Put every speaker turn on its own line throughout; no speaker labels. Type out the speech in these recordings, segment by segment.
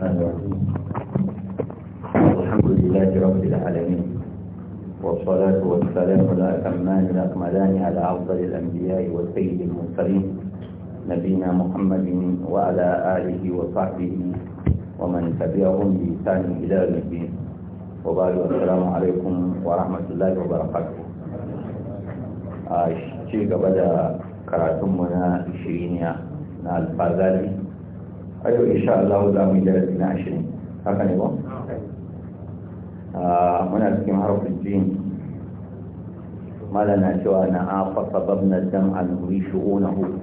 الرحمن الرحيم الحمد لله رب العالمين والصلاة والسلام على الأتمان الأكملان على أفضل الأنبياء والسيد المرسلين نبينا محمد وعلى آله وصحبه ومن تبعهم بإحسان إلى يوم الدين وبعد السلام عليكم ورحمة الله وبركاته a ci gaba da karatunmu na shiriniya na alfazali ayo insha Allah za mu yi darasi na ashirin haka ne ba ah, muna cikin harfin jin malana na cewa na afa sababna dam an huri shu'unahu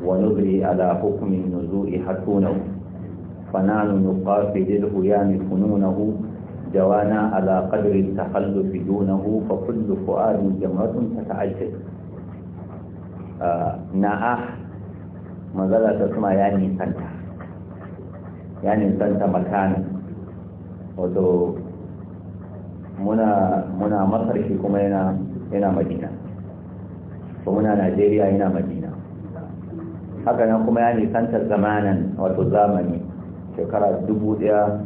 wa nubri ala hukmin nuzu'i hatunahu fananu nuqafi lil huyami fununahu جوانا على قدر التخلف دونه فكل فؤاد جمرة تتعجل آه نعاح manzala ta kuma ya nisanta ya nisanta makana wato muna masarki kuma yana madina ko muna najeriya yana madina haka nan kuma ya ta zamanan wato zamani shekara dubu daya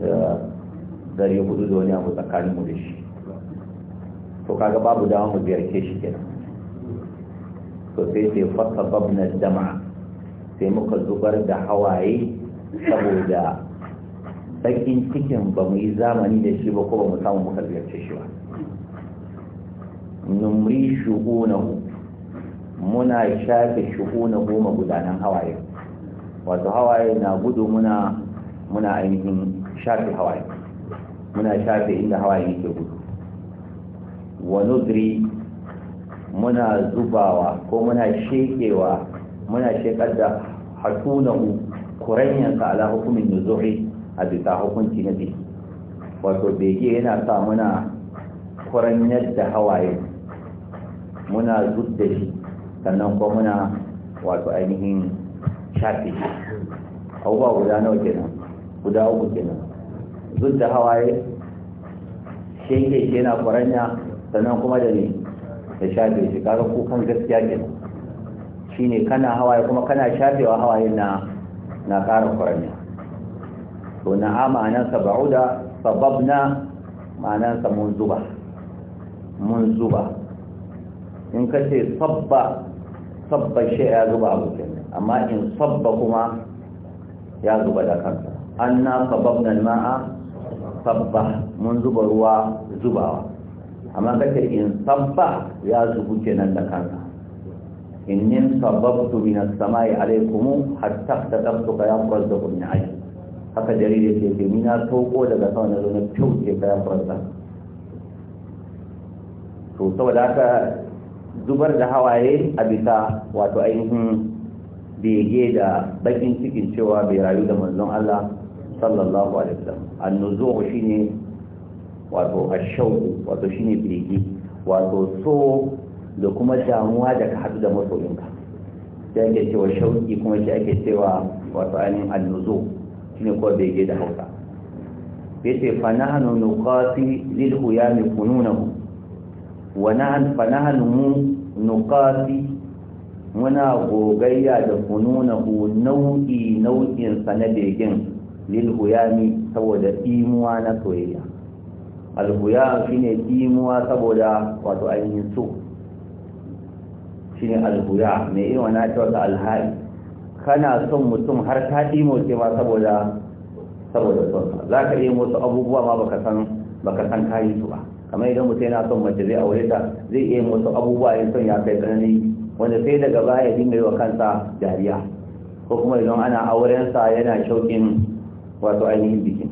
da dari hudu da wani abu tsakanin mu da shi to kaga babu dama mu ziyarce shi kenan to sai sai fasa babnar jama'a sai muka zubar da hawaye saboda bakin cikin ba mu yi zamani da shi ba ko ba mu samu muka shi ba numri shuhunahu muna shafe shuhuna goma gudanan hawaye wato hawaye na gudu muna muna ainihin shafe hawaye muna shafe inda hawaye yake gudu wa nudri muna zubawa ko muna shekewa muna shekar da hatunahu kurayen ka ala hukumin nuzuri a bisa hukunci na biki wato bege yana sa muna kuranyar da hawaye muna zub da shi sannan kuma muna wato ainihin shafi abubuwa guda nawa kenan guda uku kenan zub da hawaye shege shi yana kuranya sannan kuma da ne da shafi shi kaga kukan gaskiya kenan shine kana hawaye kuma kana shafewa hawaye na na ƙara kwaranya to na a ma'anansa ba'uda na ma'anansa mun zuba mun zuba in ka ce sabba sabba shi ya zuba abu kenan amma in sabba kuma ya zuba da kansa an na sabab na ma'a sabba mun zuba ruwa zubawa amma ka ce in sabba ya zubu kenan da kansa inni sababtu min as-samai alaykum hatta taqtu ya farzakum min ayy haka jarire ce ce ni na sauko daga sama na zo na kyauce ka ya farza to saboda haka zubar da hawaye a bisa wato ainihin bege da bakin cikin cewa bai rayu da manzon Allah sallallahu alaihi wasallam annuzuhu shine wato ashau wato shine bege wato so da kuma damuwa da ka haɗu da masoyinka shi ake cewa shauki kuma shi ake cewa wato ainihin annuzo shi ne kuwa bege da hausa ya ce fanahanu nukasi lilhu ya mi kununahu fanahanu mu nukasi muna gogayya da kununahu nau'i nau'insa na begen lilhuyami saboda imuwa na soyayya alhuya ne imuwa saboda wato ainihin so shine alhuya me irin wannan ta wata alhari kana son mutum har ta dimo ce ma saboda saboda son za ka yi wasu abubuwa ma baka san baka kayi su ba kamar idan mutum yana son mace zai aure ta zai iya wasu abubuwa ya son ya kai tsanani wanda sai daga baya ya dinga yi wa kansa dariya ko kuma idan ana aurensa yana shauƙin wato ainihin bikin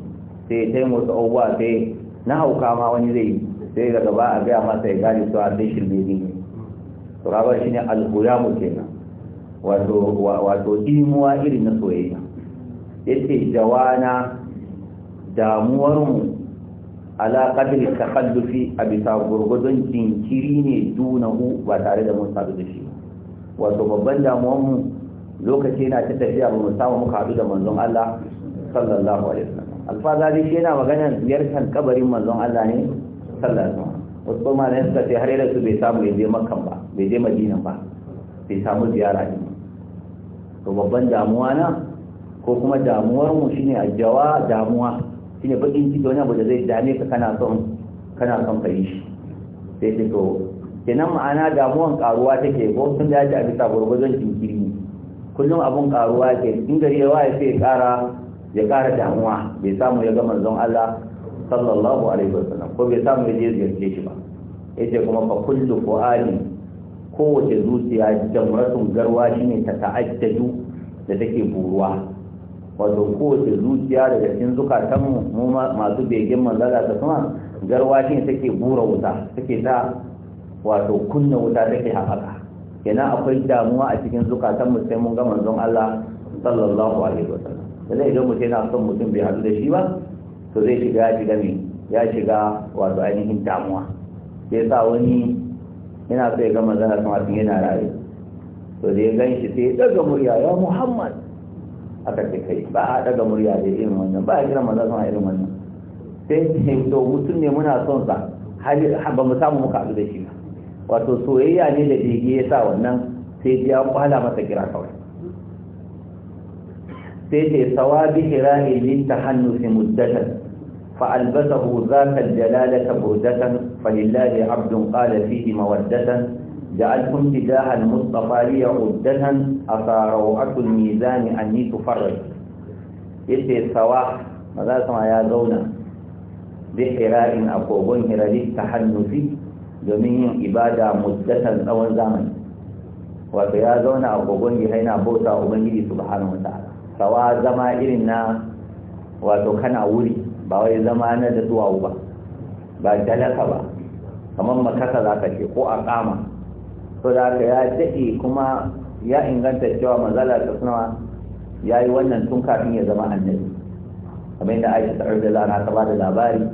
sai ya taimu wasu abubuwa sai na hauka ma wani zai sai daga ba a gaya masa ya gane su a shirme ne turaba shine al mu kenan wato wato imuwa irin na soyayya yace jawana damuwar mu ala qadri takhallufi a bisa gurgudun jinkiri ne dunahu ba tare da mun sadu da shi wato babban damuwar mu lokaci yana ta tafiya ba mu samu muka haɗu da manzon Allah sallallahu alaihi wasallam alfazari shi yana maganar ziyartar kabarin manzon Allah ne sallallahu alaihi wasallam wasu ma suka ce har yanzu su bai samu ya je ba bai je madina ba bai samu ziyara ne to babban damuwa na ko kuma damuwar mu shine jawa damuwa shine bakin ciki wani abu da zai dame ka kana son kana son ka yi shi sai ce to kenan ma'ana damuwan karuwa take ko sun da ji a bisa gurgurzon jinkiri kullum abun karuwa ke in gari ya waye sai ya kara ya kara damuwa bai samu ya ga manzon Allah sallallahu alaihi wasallam ko bai samu ya je ziyarce shi ba yace kuma fa kullu fu'ali kowace zuciya jamratun garwa shine ta ta'addadu da take buruwa wato kowace zuciya daga cikin zukatan mu masu begen manzala ta kuma garwa shine take bura wuta take ta wato kunna wuta take haɓaka kenan akwai damuwa a cikin zukatan mu sai mun ga manzon Allah sallallahu alaihi wa sallam sai idan mutum yana son mutum bai haɗu da shi ba to zai shiga ya shiga ne ya shiga wato ainihin damuwa sai sa wani yana so ya ga manzon sama tun yana raye to da gan shi sai daga murya ya muhammad aka ce kai ba a daga murya da irin wannan ba a kira manzon sama irin wannan sai ce to mutum ne muna son sa ba mu samu muka haɗu da shi ba wato soyayya ne da bege ya sa wannan sai ya kwala masa kira kawai sai ce sawabi hira'ilin ta hannu sai muddatar فألبسه ذاك الجلالة بردة فلله عبد قال فيه مودة جعلكم تجاه المصطفى لي عدة أتى روعة الميزان أني تفرج يتي سواء ماذا سمع يا زونا بحراء أقوبون هرا للتحنف domin ibada muddatan tsawon zamani wato ya zauna a gogon gida yana bauta ubangiji subhanahu wa ta'ala sawa zama irin na wato kana wuri ba wai zama na da duwawu ba ba dalaka ba kamar makasa za ka ce ko a kama so da haka ya daɗe kuma ya inganta cewa mazala ta suna ya yi wannan tun kafin ya zama annabi kamar da aisha ta'ar da lana ta ba da labari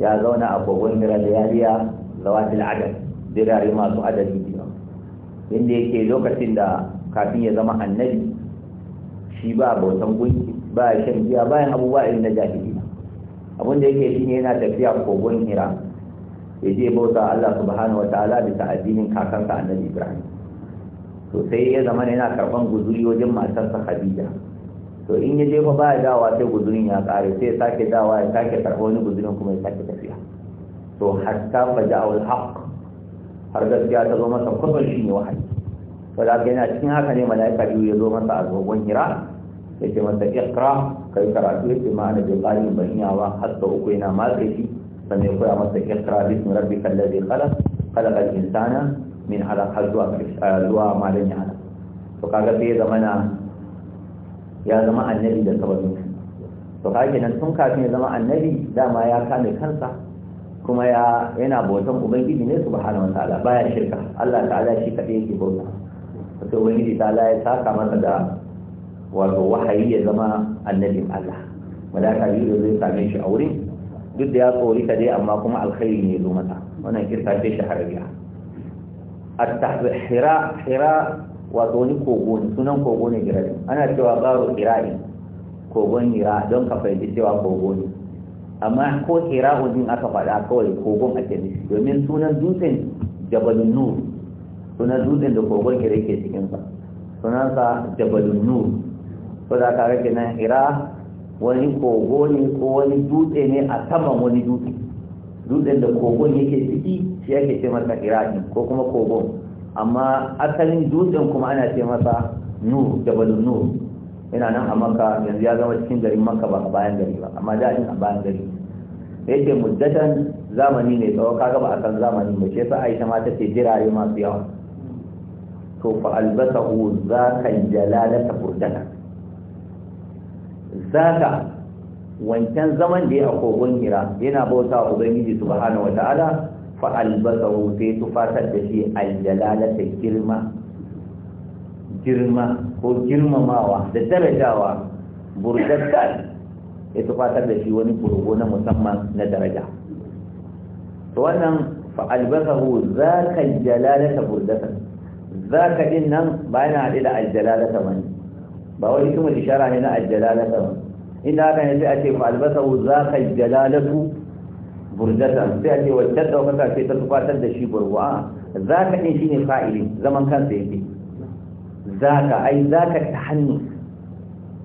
ya zauna a kogon hira da yariya zawatil adad birare masu adadi biyu inda yake lokacin da kafin ya zama annabi shi ba bautan gunki ba shan giya bayan abubuwa irin na jahili Abun da yake ne yana tafiya kogon hira ya je bauta Allah subhanahu wataala bisa addinin kakansa annabi Ibrahim to sai ya zama yana karban guzuri wajen matarsa Khadija to in ya je fa ba ya dawa sai guzurin ya kare sai ya sake dawa ya sake karɓo wani guzurin kuma ya sake tafiya to hatta faja'u al haqq har gaskiya ta zo masa kwabar shi ne wahayi to da yana cikin haka ne mala'ika biyu ya zo masa a zogon hira ya ce masa ikra ka yi karatu ya ce ma'ana bai ƙari ban in har sau uku yana matsayi shi sannan ya koya masa ikra bismi rabbi kala. khalaq kan insana min halaq har zuwa zuwa malam ya halaq to kaga sai ya zama na ya zama annabi da sabbin to kaga nan tun kafin ya zama annabi dama ya kame kansa kuma ya yana bautan ubangiji ne subhanahu ta'ala baya shirka Allah ta'ala shi kadai yake bauta to ubangiji ta'ala ya saka masa da wato wahayi ya zama annabin Allah malaka biyu zai same shi a wurin duk da ya tsori ta dai amma kuma alkhairi ne zo mata wannan kirka ce shaharabiya at-tahbira hira wato ni kogo ne sunan kogo ne girari ana cewa baro ira'in kogon hira don ka fahimci cewa kogo ne amma ko hira'un din aka faɗa kawai kogon ake nufi domin sunan dutsen jabalun nur sunan dutsen da kogon hira ke cikin cikinsa sunansa jabalun nur ko da ka rage nan hira wani kogo ne ko wani dutse ne a saman wani dutse dutsen da kogon yake ciki shi yake ce masa ne ko kuma kogon amma asalin dutsen kuma ana ce masa nur jabalun nur yana nan a maka yanzu ya zama cikin garin maka ba a bayan gari ba amma da a bayan gari yake muddatan zamani ne tsawo ka gaba a kan zamani ba ce sa aisha ma ce jirare masu yawa to fa albasahu zaka jalalata furdana saka wancan zaman da ya a kogon hira yana bauta ubangiji subhanahu wata'ala fa albasahu sai tufatar da shi aljalalata girma girma ko girmamawa da darajawa burdattan ya tufatar da shi wani burgo na musamman na daraja to wannan fa albasahu zaka aljalalata burdatan zaka din nan ba yana haɗe da aljalalata bane ba wani kuma ishara ne na aljalalata ba inda haka ne sai a ce wu za ka jalalatu burjata sai a ce wacce ɗaukaka sai ta tufatar da shi burwa za ka ɗin shi ne fa'ili zaman kansa yake za ka ai za ka ta hannu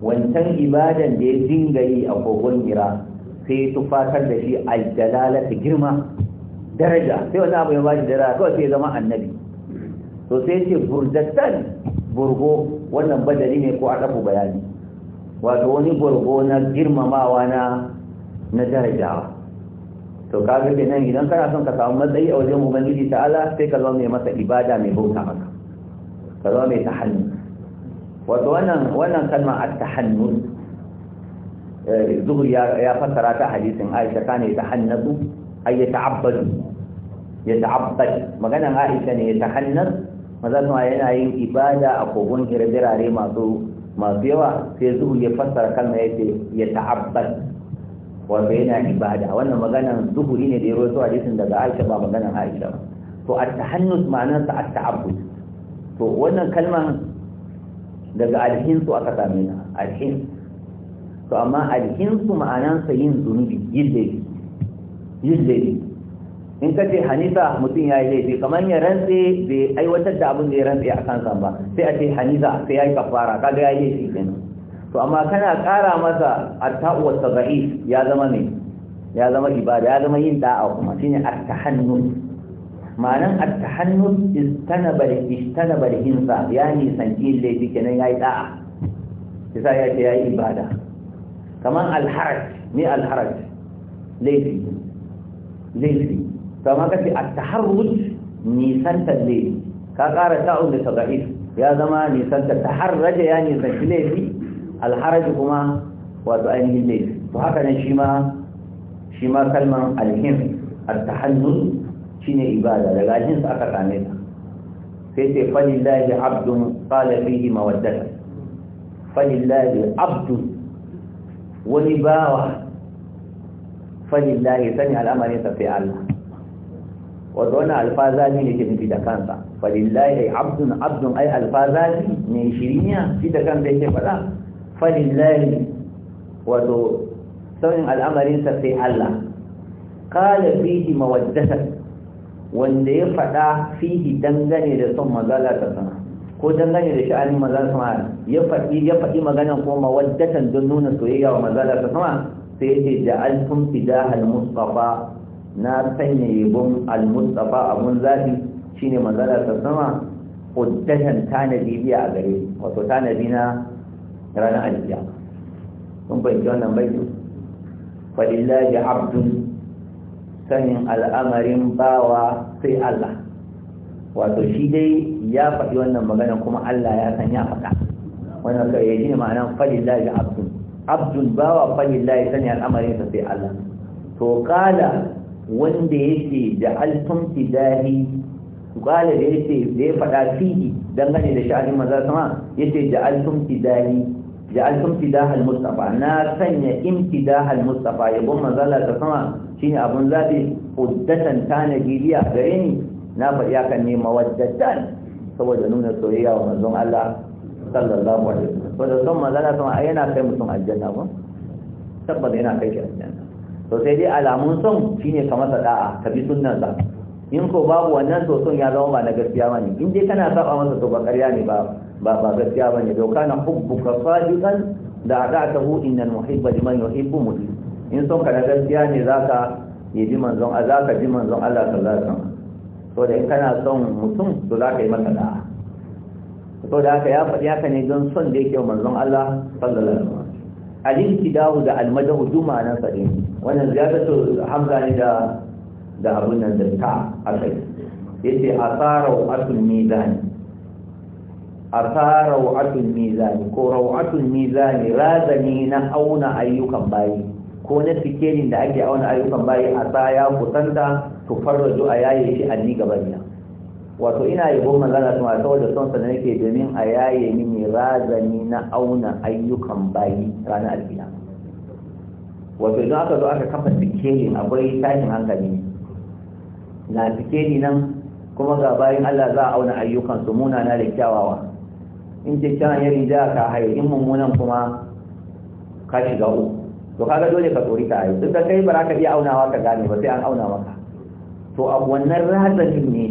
wancan ibadan da ya dinga yi a kogon gira sai tufatar da shi aljalalata girma daraja sai wani abu ya ba shi daraja kawai sai zama annabi to sai ce burdatan burgo wannan badari ne ko a adabu bayani wato wani gurgo na girmamawa na na darajawa to kaga nan idan kana son ka samu matsayi a wajen ubangiji ta'ala sai ka zama mai masa ibada mai bauta maka ka zama mai hannu. wato wannan wannan a ta tahannu eh, zuhur ya fassara ta hadisin Aisha ta yatahannatu Aisha ta yata'abbad maganan Aisha ne yatahannas mazalma yana yin ibada a kogon birare masu masu yawa sai zuhu ya fassara kalma ya ce ya ta'abbar wanda yana ibada wannan maganan zuhu ne da ya a jisun daga Aisha ba maganan Aisha ba. to a at-tahannus ma'anarsa at-ta'abbud to wannan kalman daga alhin su aka sami na, alhin to amma alhin su ma'anarsa yin zunubi yin laifi yin laifi in ka ce hanisa, mutum ya yi laifi kamar ya rantse bai aiwatar da abin da ya rantse a kansa ba sai a ce hanisa sai ya yi kafara kaga ya yi laifi kenan to amma kana kara masa a wa sabai ya zama ne ya zama ibada ya zama yin da'a kuma shine at-tahannus ma'anan at-tahannus istanaba istanaba hinsa yani sanki laifi kenan yayi da'a sai ya ce yayi ibada kamar al-haraj ni al-haraj laifi laifi kama kace at-taharruj nisanta ne ka kara ta'un da tabaid ya zama nisanta taharraja ya nisanci laifi al-haraj kuma wato ainihin laifi to haka ne shi ma shi ma al-him at-tahallul shine ibada daga jin sa aka kame ta sai sai falillahi abdun qala fihi mawaddata falillahi abdun wani bawa falillahi sani al'amarin sa sai Allah wato wannan alfazazi ne ke nufi da kansa falillahi abdun abdun ai alfazazi ne shirinya Fi da kansa yake faɗa falillahi wato sauyin al'amarinsa sai Allah kala fihi mawaddatan wanda ya faɗa fihi dangane da son mazala ta sana ko dangane da sha'anin mazala sama ya faɗi ya faɗi maganan ko mawaddatan don nuna soyayya wa mazala ta sama sai ya ce ja'altum fidahal mustafa na sanya yabon al-mustafa abun zafi shine manzala ta sama kuddatan tanadi biya a gare wato tanadi na ranar aljiya kun fahimci wannan baitu falillahi abdun sanin al'amarin bawa sai Allah wato shi dai ya faɗi wannan magana kuma Allah ya san ya faɗa wannan kai yake ne ma'anar falillahi abdun abdun bawa falillahi sanin al'amarin sai Allah to kala wanda yake da alfin fidahi kala da yake da ya faɗa fihi dangane da sha'anin maza sama yace da alfin fidahi da alfin fidahal halmustafa, na sanya halmustafa ya yabon mazala ta sama shi shine abun zabi uddatan tanajiliya gare ni na faɗi hakan ne mawaddatan saboda nuna soyayya wa manzon Allah sallallahu alaihi wasallam saboda son mazala sama yana kai mutum aljanna ba tabbata yana kai shi aljanna to sai dai alamun son shine kamar masa da'a ka bi sa in ko babu wannan to son ya zama ba na gaskiya bane in dai kana saba masa to ba ƙarya ne ba ba ba gaskiya bane to kana hubbuka sadiqan da ada'tahu innal muhibba liman yuhibbu muti in son ka na gaskiya ne zaka yi bi manzon Allah zaka bi manzon Allah sallallahu alaihi wasallam to da in kana son mutum to zaka yi masa da'a to da haka ya faɗi haka ne don son da yake manzon Allah sallallahu alaihi wasallam al kidahu da almadahu madahu nan sa wannan ziyadatu hamza ne da da abun nan da ta akai yace asarau atul mizan asarau atul mizan ko rawatul mizan razani na auna ayyukan bayi ko na fikirin da ake auna ayyukan bayi a tsaya kusanta to farraju a yaye shi a ni gaban ya wato ina yabon manzana su masu wadda son sanin ke, domin a yaye mini razani na auna ayyukan bayi ranar alfiya wato idan aka zo aka kafa sikeli akwai tashin hankali na sikeli nan kuma ga bayan Allah za a auna ayyukan su na da kyawawa in kyakkyawan ya rija ka haye in mummunan kuma ka shiga uku to kaga dole ka tsori ta yi duk da kai ba za ka iya aunawa ka gane ba sai an auna maka to a wannan razanin ne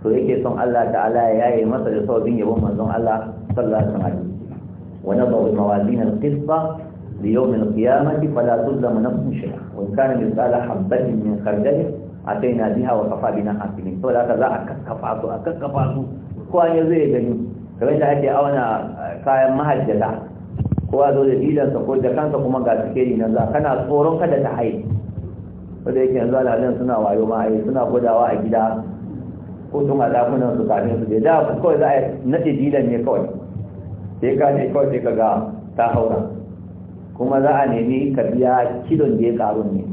to yake son Allah ta'ala ya yaye masa da sabbin yabon manzon Allah sallallahu alaihi wasallam wa nadawu mawazin al-qisba ليوم القيامة فلا تظلم نفس شيئا وإن كان مثقال حبة من خردل أتينا بها وكفى بنا حاكمين فلا كذا أكفى أكفى كوان يزيد يعني kamar da ake auna kayan mahajjata kowa zo da ko da kuma ga sikeri nan za kana tsoron kada ta haye wanda yake yanzu alhalin suna wayo ma suna gudawa a gida ko sun a dakunan su kafin su da kawai za a ne kawai ka ne kawai ka ga ta kuma za a nemi ka biya kilon da ya karu ne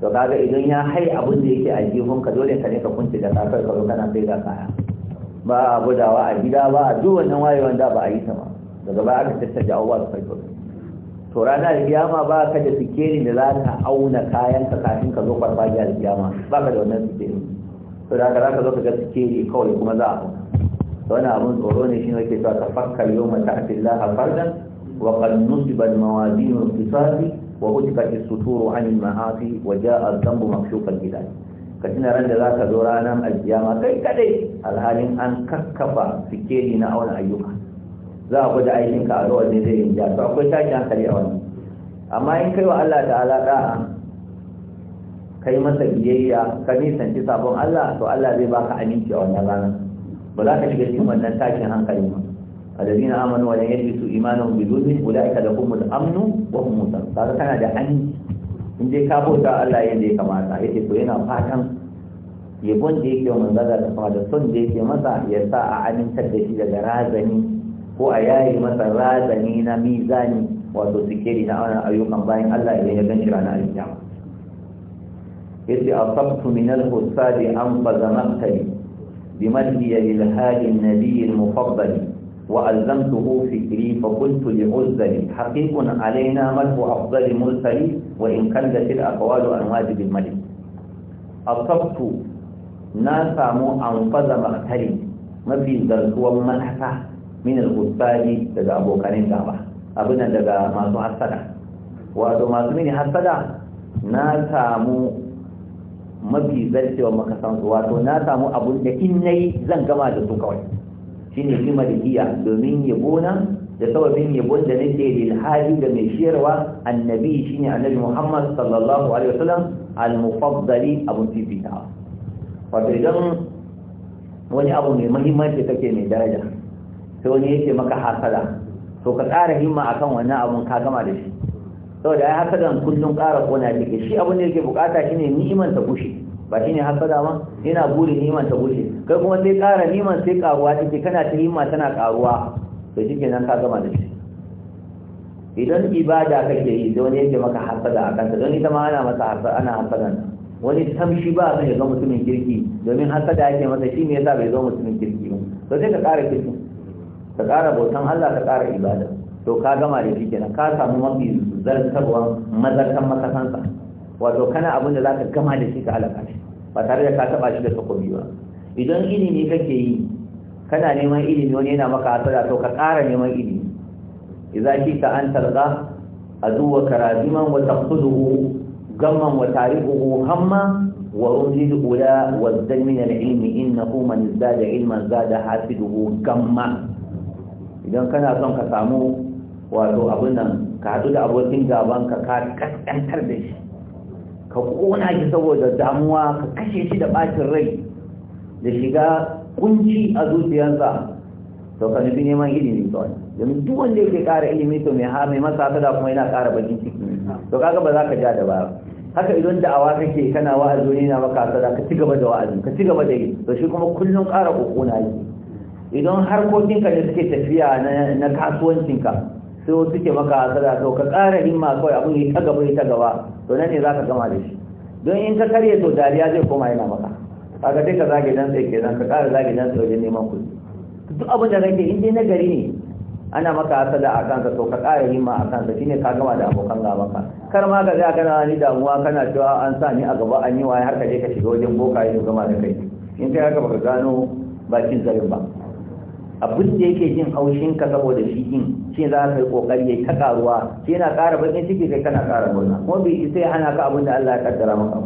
to kaga idan ya hai abin da yake a jihunka dole ka ne ka kunce da kakar ka kana sai da kaya ba a gudawa a gida ba a duk wannan wayewan da ba a yi ta ba daga baya aka tattaja abubuwa da farko to da kiyama ba ka da sikeri da za ka auna kayan ka kafin ka zo farfajiya da kiyama ba ka da wannan sikeri to da haka za ka zo ka ga sikeri kawai kuma za a wani abun tsoro ne shi ne ke sa ka fakkar yau mata a fillaha fardan وقد نصب الموازين الاقتصاد وهتكت السطور عن المعاصي وجاء الذنب مكشوف الجدال كتنا رند ذاك دورانا القيامة كي كدي الحال أن ككفا في كيلنا أو أيوكا za a gwada aikinka a zuwa zai zai ja to akwai tashi hankali a wannan amma in kai wa Allah ta'ala da'a kai masa biyayya ka nisanci sabon Allah to Allah zai baka aminci a ba za ka shiga cikin wannan hankali ba الذين آمنوا ولن imanahum bi dhulmin ulaika lahumul amnu wa hum muhtadun kaga kana da ani in dai ka bauta Allah yadda ya kamata yace to yana fatan yabon da yake manzo da kuma da son da yake masa ya sa a amintar da shi daga razani ko a yayi masa razani na mizani wato sikeri na wannan ayyukan bayan Allah idan ya ganshi ranar alkiyama yace asabtu min al-husadi an fazamatani bimadhi ila hadi an-nabi al-mufaddal وألزمته فكري فقلت لعزلي حقيق علينا مدح أفضل مرسلي وإن كلت الأقوال عن واجب الملك أصبت ناسا أنفذ مقتلي ما في زرسوا منحكة من الغسال لدى أبو كريم دعوة أبنا لدى ما تحسد وأدو ما تميني حسد ناسا mafi zarcewa makasansu wato na samu abun da in nayi zan gama da su kawai shine himar malikiya domin yabona da sababin yabon da nake lil da mai shirwa annabi shine annabi Muhammad sallallahu alaihi wasallam al mufaddali abun fifita wato idan wani abu mai muhimmanci kake mai daraja sai wani yake maka hasada to ka tsara himma akan wannan abun ka gama da shi saboda ai hasadan kullun ƙara kona take shi abun da yake bukata shine ni'iman ta kushe ba shine hasada ba ina buri niman ta bushe kai kuma sai ƙara niman sai karuwa take kana ta himma tana karuwa to shi kenan ka gama da shi idan ibada kake yi da wani yake maka hasada a ta, don ita ma ana masa hasada ana hasada wani tamshi ba zai ya mutumin kirki domin hasada yake masa shi ne yasa bai zo mutumin kirki ba to sai ka kara kirki ka kara bautan Allah ka kara ibada to ka gama da shi kenan ka samu mafi zartarwa mazartan makasansa wato kana abin da zaka gama da shi ka halaka ba tare da ka taɓa shi da takobi ba idan ilimi kake yi kana neman ilimi wani yana maka hasara to ka ƙara neman ilimi idza ka an tarda aduwa karaziman wa taqsuduhu gamman wa tariquhu hamma wa rumzi ula wa zan na al-ilmi innahu man zada ilman zada hasiduhu gamma idan kana son ka samu wato abin nan ka haɗu da abokin gaban ka ka kaskantar da shi ka kona shi saboda damuwa ka kashe shi da bacin rai da shiga kunci a zuciyarsa to ka nufi neman ilimi kawai domin duk wanda yake ƙara ilimi to mai ha mai masa da kuma yana ƙara bakin ciki to kaga ba za ka ja da ba haka idan da awa kake kana wa'azi ne na maka sada ka ci gaba da wa'azi ka ci gaba da yi to shi kuma kullun ƙara kokona yi idan harkokinka da suke tafiya na kasuwancinka sai wasu ke maka hasara to ka ƙara himma kawai abin yi ta gaba yi ta gaba to nan ne za ka gama da shi don in ka karye to dariya zai koma yana maka kaga sai ka zage dan sai kenan ka ƙara zage dan sai wajen neman kuɗi duk abin da kake in dai na gari ne ana maka hasara a kanka to ka ƙara himma a kanka shine ka gama da abokan gaba ka kar ma ka zaka na ni damuwa kana cewa an sa ni a gaba an yi waye har ka je ka shiga wajen boka yi gama da kai in kai haka baka gano bakin zarin ba abin da yake jin haushin ka saboda shi din sai za ka yi kokari ya ta karuwa shi yana ƙara bakin ciki sai kana ƙara murna kuma bi sai hana ka abin da Allah ya kaddara maka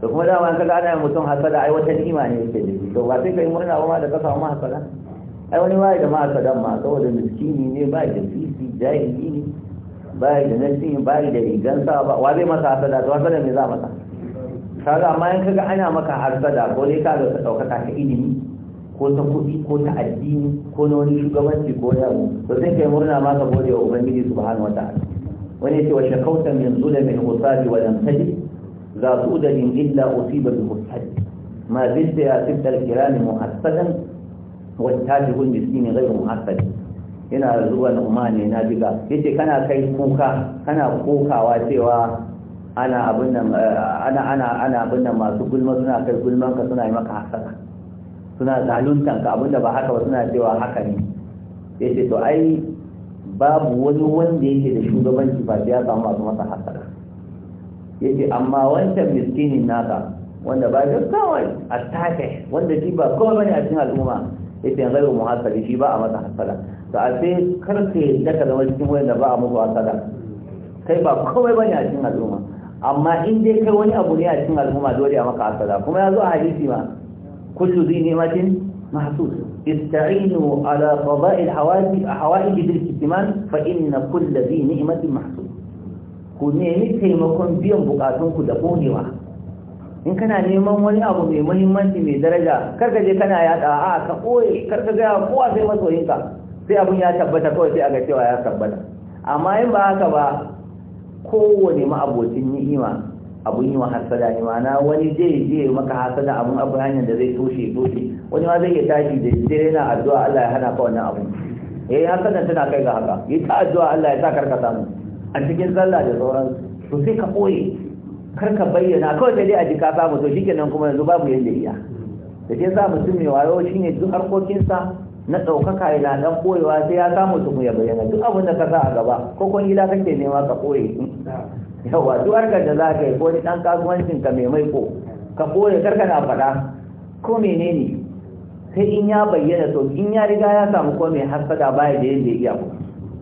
to kuma da wani kaga ana mutum hasada ai wata ni'ima ne yake da shi to ba sai kai murna ba ma da ka samu hasada ai wani waye da ma hasada ma saboda miskini ne ba da fifi jahili ne ba da nasi ba da rigan sa ba wa zai masa hasada to hasada me za masa kaga amma in kaga ana maka hasada ko dai kaga ka dauka ka ilimi ko ta kuɗi ko ta addini ko na wani shugabanci ko na to zai kai murna ma ka gode wa ubangiji subhanahu wataala wani ce wa shakauta min zulamin usabi wa lam tajid za su udalin illa usiba bi musad ma zilta ya sibdal kirami muhassadan wa tajibul miskini ghayru muhassad yana zuwa na umani na diga yace kana kai kuka kana kokawa cewa ana abin nan eh, ana ana ana abin nan masu gulma suna kai gulman ka suna yi maka hasaka suna zaluntan ka abinda ba haka ba suna cewa haka ne yace to ai babu wani wanda yake da shugabanci ba ya samu masu masa hasara yace amma wancan miskinin naka wanda ba da kawai a take wanda shi ba kawai bane a cikin al'umma yace yanzu ga muhasari shi ba a masa hasara to a sai karfe yadda ka zama cikin wanda ba a musu hasara kai ba kawai bane a cikin al'umma amma in dai kai wani abu ne a cikin al'umma dole a maka hasara kuma ya zo a hadisi ma كل ذي نعمة محسوس استعينوا على قضاء الحوائج hawaji hawaji bil kitman fa inna kullu zi ni'matin mahsus ku nemi taimakon biyan da bonewa in kana neman wani abu mai muhimmanci mai daraja karka je kana yada a ka koyi karka ga kowa sai masoyinka sai abun ya tabbata kawai sai aga cewa ya tabbata amma in ba haka ba kowane ma'abocin ni'ima abun yi wa hasada ne mana wani zai je maka hasada abun abu hanyar da zai toshe toshe wani ma zai iya tashi da dare yana addu'a Allah ya hana ka wannan abun eh hasadan tana kai ga haka yi ta addu'a Allah ya sa karka samu a cikin sallah da sauran to sai ka koye karka bayyana kawai sai dai a jika samu to shikenan kuma yanzu babu yanda iya da ke za mutum mai wayo shine duk harkokinsa na ɗaukaka ila ɗan koyewa sai ya samu mu ya bayyana duk abin da ka sa a gaba ko kun gida kake nema ka koye yawa duk harkar da za ka yi ko ni dan kasuwancin ka mai maiko ka kore karka na faɗa ko menene sai in ya bayyana to in ya riga ya samu ko mai hasada baya da yadda ya iya ku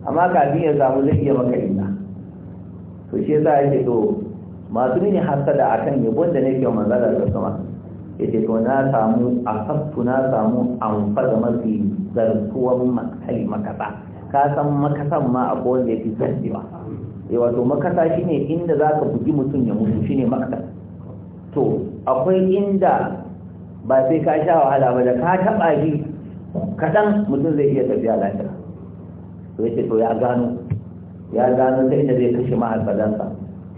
amma kafin ya samu zai iya maka ina to shi yasa yake to masu mini hasada akan ne da nake manzala da sama yace to na samu a sabtu na samu amfada mafi zartuwan makali makasa ka san makasan ma a kowanne ya fi zartewa ya eh, wato makasa ne inda za ka bugi mutum ya mutu shi ne makasa to akwai inda ba sai ka sha wahala ba da ka taɓa shi kaɗan mutum zai iya tafiya lafiya to ya ce to ya gano ya gano ta inda zai kashe mahaifadansa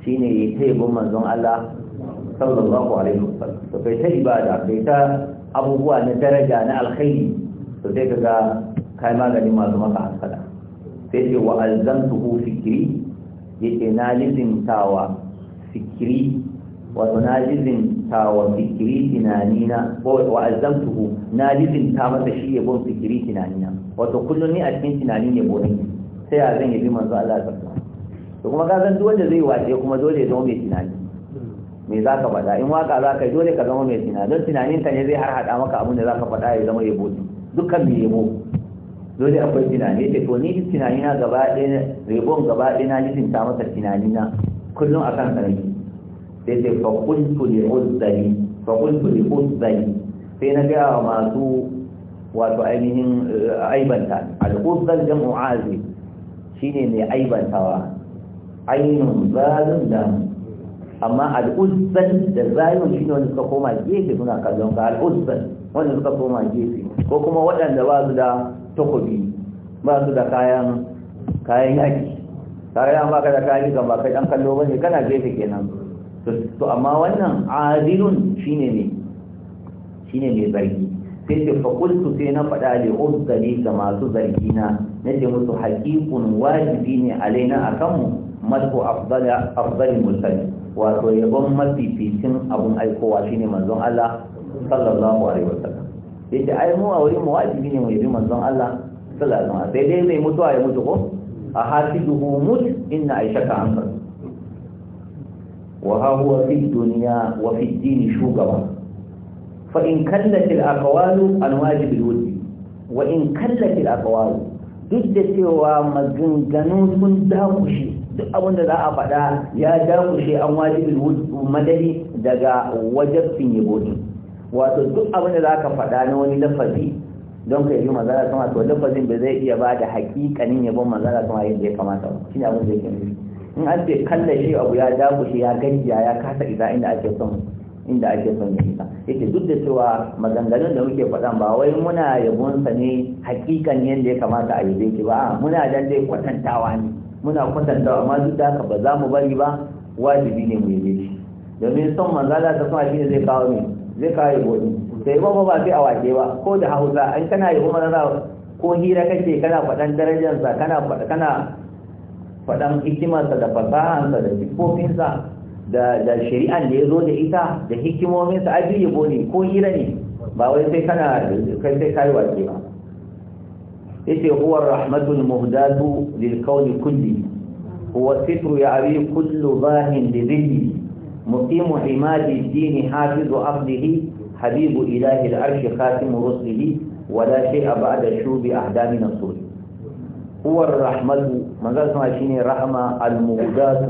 ne ya ta yi bin manzon Allah sallallahu alaihi wasallam to kai ta ibada kai ta abubuwa na daraja na alkhairi to sai ka ga kai maganin masu maka hankala sai ce wa alzamtuhu fikri yake na lizintawa fikiri wato na lizintawa fikiri tunanina ko wa azamtuhu na lizinta masa shi yabon fikiri tunanina wato kullum ni a cikin tunani ne sai a zan yabi manzo Allah ta to kuma ka san duk wanda zai wace kuma dole ya zama mai tunani me za ka faɗa in waka za dole ka zama mai tunani don tunanin ta ne zai har haɗa maka abin da za ka faɗa ya zama yabo dukkan mai yabo dole akwai tunani ce to ni tunani na gaba ɗaya rebon gaba ɗaya na litin ta masa tunani na kullum a kan sarki sai sai fakultu ne uzzali fakultu ne uzzali sai na gaya wa masu wato ainihin eh, aibanta al-uzzal jam'u azi ne mai aibantawa ainihin zalun da amma al'uzzan da zayon shi ne wanda suka koma gefe suna kallon ka al'uzzan wanda suka koma gefe ko kuma waɗanda ba su da takobi ba su da kayan kayan yaki kayan ba ka da kayan ga ba kai dan kallo bane kana gefe kenan to amma wannan adilun shine ne shine mai zargi sai ce fakultu sai na faɗa da uzzali ga masu zargi na na musu haƙiƙun wajibi ne alaina a kanmu matu afdali mulkali wato yabon mafificin abun aikowa shine manzon Allah sallallahu alaihi wasallam yace ai mu a wurin mu wajibi ne mu yi manzon Allah sallallahu alaihi sai dai mai mutuwa ya mutu ko a hasiduhu mut inna aishaka amsal wa ha huwa fi dunya wa fi dini shugaba fa in kallat al aqwalu an wajib al wudi wa in kallat al aqwalu duk da cewa maganganu sun dakushe duk abin da za a faɗa ya dakushe an wajibin madadi daga wajabcin yabo ne wato duk abin da za ka faɗa na wani lafazi don ka yi manzara sama to lafazin ba zai iya ba da hakikanin yabon mazara sama yadda ya kamata ba shi ne abin da yake nufi in an ce kallashe abu ya dakushe ya gajiya ya kasa isa inda ake son inda ake son ya isa yake duk da cewa maganganun da muke faɗan ba wai muna sa ne hakikan yadda ya kamata a yabe ki ba muna dan dai kwatantawa ne muna kwatantawa amma duk da haka ba za mu bari ba wajibi ne mu yabe shi domin son mazala ta sama ne zai kawo ne zai kawo yaboni da ba sai a wake ba ko da hausa an kana yabo mana za ko hira kake kana faɗan darajarsa kana kana faɗan hikimarsa da fasahansa da siffofinsa da da shari'an da ya zo da ita da hikimominsa aji yabo ne ko hira ne ba wai sai kana kai sai kayi wake ba yace huwa rahmatul muhdatu lil kawn kulli huwa sitru ya'ri kullu zahin li dhilli مقيم حماد الدين حافظ عقله حبيب إله العرش خاتم رسله ولا شيء بعد شوب أحدام نصره هو الرحمة من قال سمع شيني رحمة المغدات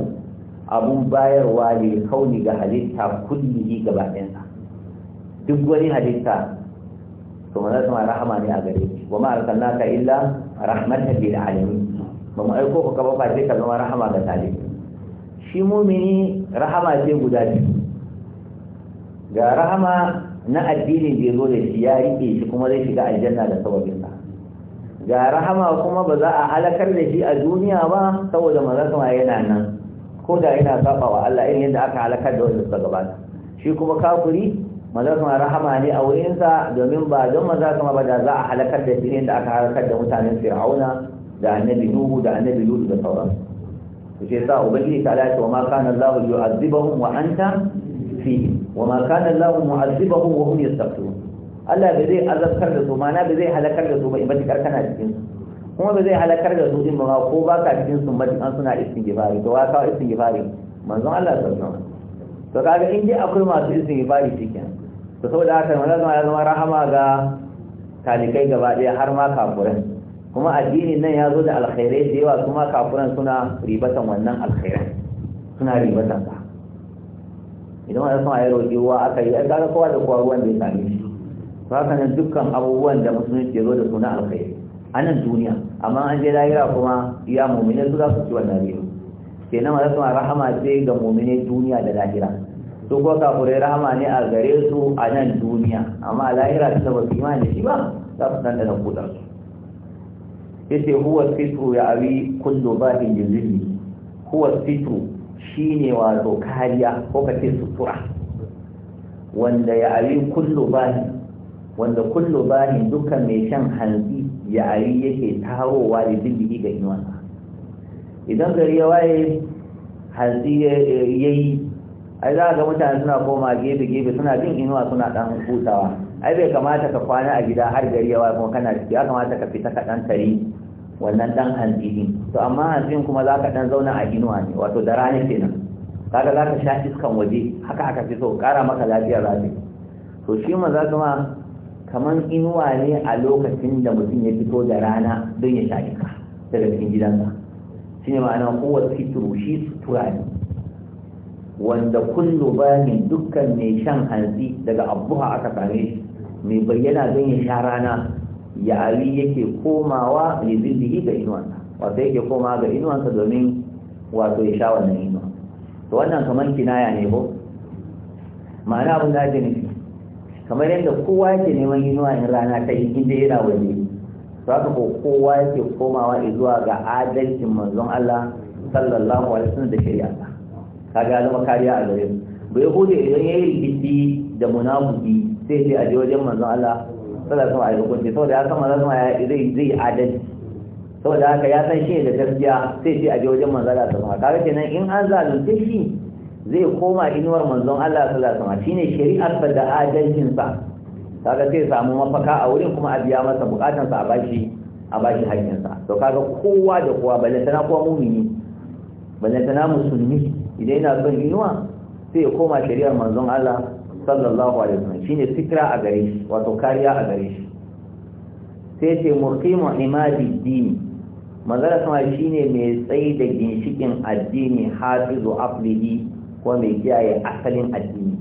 أبو باير والي كوني جهلتها كله جبهتنا تقولي هلتها ثم قال سمع رحمة لأغريك وما أرسلناك إلا رحمة للعالمين ba mu جيتا ka رحمة face shi mumini rahama ce guda biyu ga rahama na addinin da zo da shi ya rike shi kuma zai shiga aljanna da sababinsa ga rahama kuma ba za a halakar da shi a duniya ba saboda maza kuma yana nan ko da yana saba wa Allah irin yadda aka halakar da wanda suka gabata shi kuma kafiri maza kuma rahama ne a wurinsa domin ba don maza kuma ba da za a halakar da shi yadda aka halakar da mutanen fir'auna da annabi nuhu da annabi lutu da sauransu to sai sa ubangiji ta ala ce wa ma kana Allahu yu'azzibahum wa anta fi wa ma kana Allahu mu'azzibahum wa hum yastaghfirun Allah bai zai azabtar da su Mana bai zai halakar da su ba in matakar kana cikin su kuma ba zai halakar da su din ba ko ba ka cikin sun maji an suna istighfari to wa kawo istighfari manzon Allah sallallahu alaihi wasallam to kaga in dai akwai masu istighfari cikin to saboda haka manzon Allah ya zama rahama ga talikai gaba daya har ma kafuran kuma addinin nan ya zo da alkhairai da yawa kuma kafuran suna ribatan wannan alkhairai suna ribatan sa idan wani sun ayi roƙi ruwa aka yi kaga kowa da kowa ruwan da ya same shi to haka nan dukkan abubuwan da musulunci ya zo da suna alkhairai a nan duniya amma an je lahira kuma ya mu'mini su za su ci wannan riba kenan wani sun rahama sai ga mu'mini duniya da lahira su ko kafurai rahama ne a gare su a nan duniya amma a lahira su ba su imani da shi ba za su san da na su yace huwa sitru ya abi kullu bahin jinni huwa sitru shine wato kariya ko kace sutura wanda ya abi kullu bahin wanda kullu bahin dukkan mai shan hanzi ya abi yake tarowa da jinni ga inuwansa idan gari ya waye hanzi yayi ai za ga mutane suna koma gefe gefe suna jin inuwa suna dan hutawa ai bai kamata ka kwana a gida har gari ya waye kuma kana ciki ya kamata ka fita ka dan tare wannan dan hanzi to amma hanzin kuma zaka dan zauna a ginuwa ne wato da rani kenan kaga zaka sha iskan waje haka aka fi so kara maka lafiyar rani to shi maza ma kaman inuwa ne a lokacin da mutum ya fito da rana don ya sha iska daga cikin gidansa shi ne ma'ana kowar fitru shi sutura ne wanda kullu bayanin dukkan mai shan hanzi daga abuha aka same shi mai bayyana don ya sha rana yari yake komawa ne zillihi ga inuwan, wato yake komawa ga sa domin wato ya sha wannan inuwa to wannan kamar kinaya ne ko ma'ana abin da ake nufi kamar yadda kowa yake neman inuwa in rana ta yi inda yana waje to haka ko kowa yake komawa zuwa ga adalcin manzon Allah sallallahu alaihi wasallam da shari'a kaga zama kariya a gare mu bai hude idan yayi rikici da munafiki sai sai a je wajen manzon Allah sallallahu sama wasallam hukunci saboda ya sama manzon Allah zai zai adalci saboda haka ya san shi da gaskiya sai shi a je wajen manzon Allah sallallahu alaihi wasallam kenan in an zalunce shi zai koma inuwar manzon Allah sallallahu alaihi wasallam shine shari'ar fa da adalcin sa kaga sai samu mafaka a wurin kuma a biya masa bukatun sa a bashi a bashi hakkin sa to kaga kowa da kowa balle tana kowa mumini balle tana musulmi idan yana son inuwa sai ya koma shari'ar manzon Allah sallallahu alaihi wasallam shine sitra a gare shi wato kariya a gare shi sai ce murqimu imadi dini manzara sama shine mai tsayi da ginshikin addini hafizu aflihi ko mai kiyaye asalin addini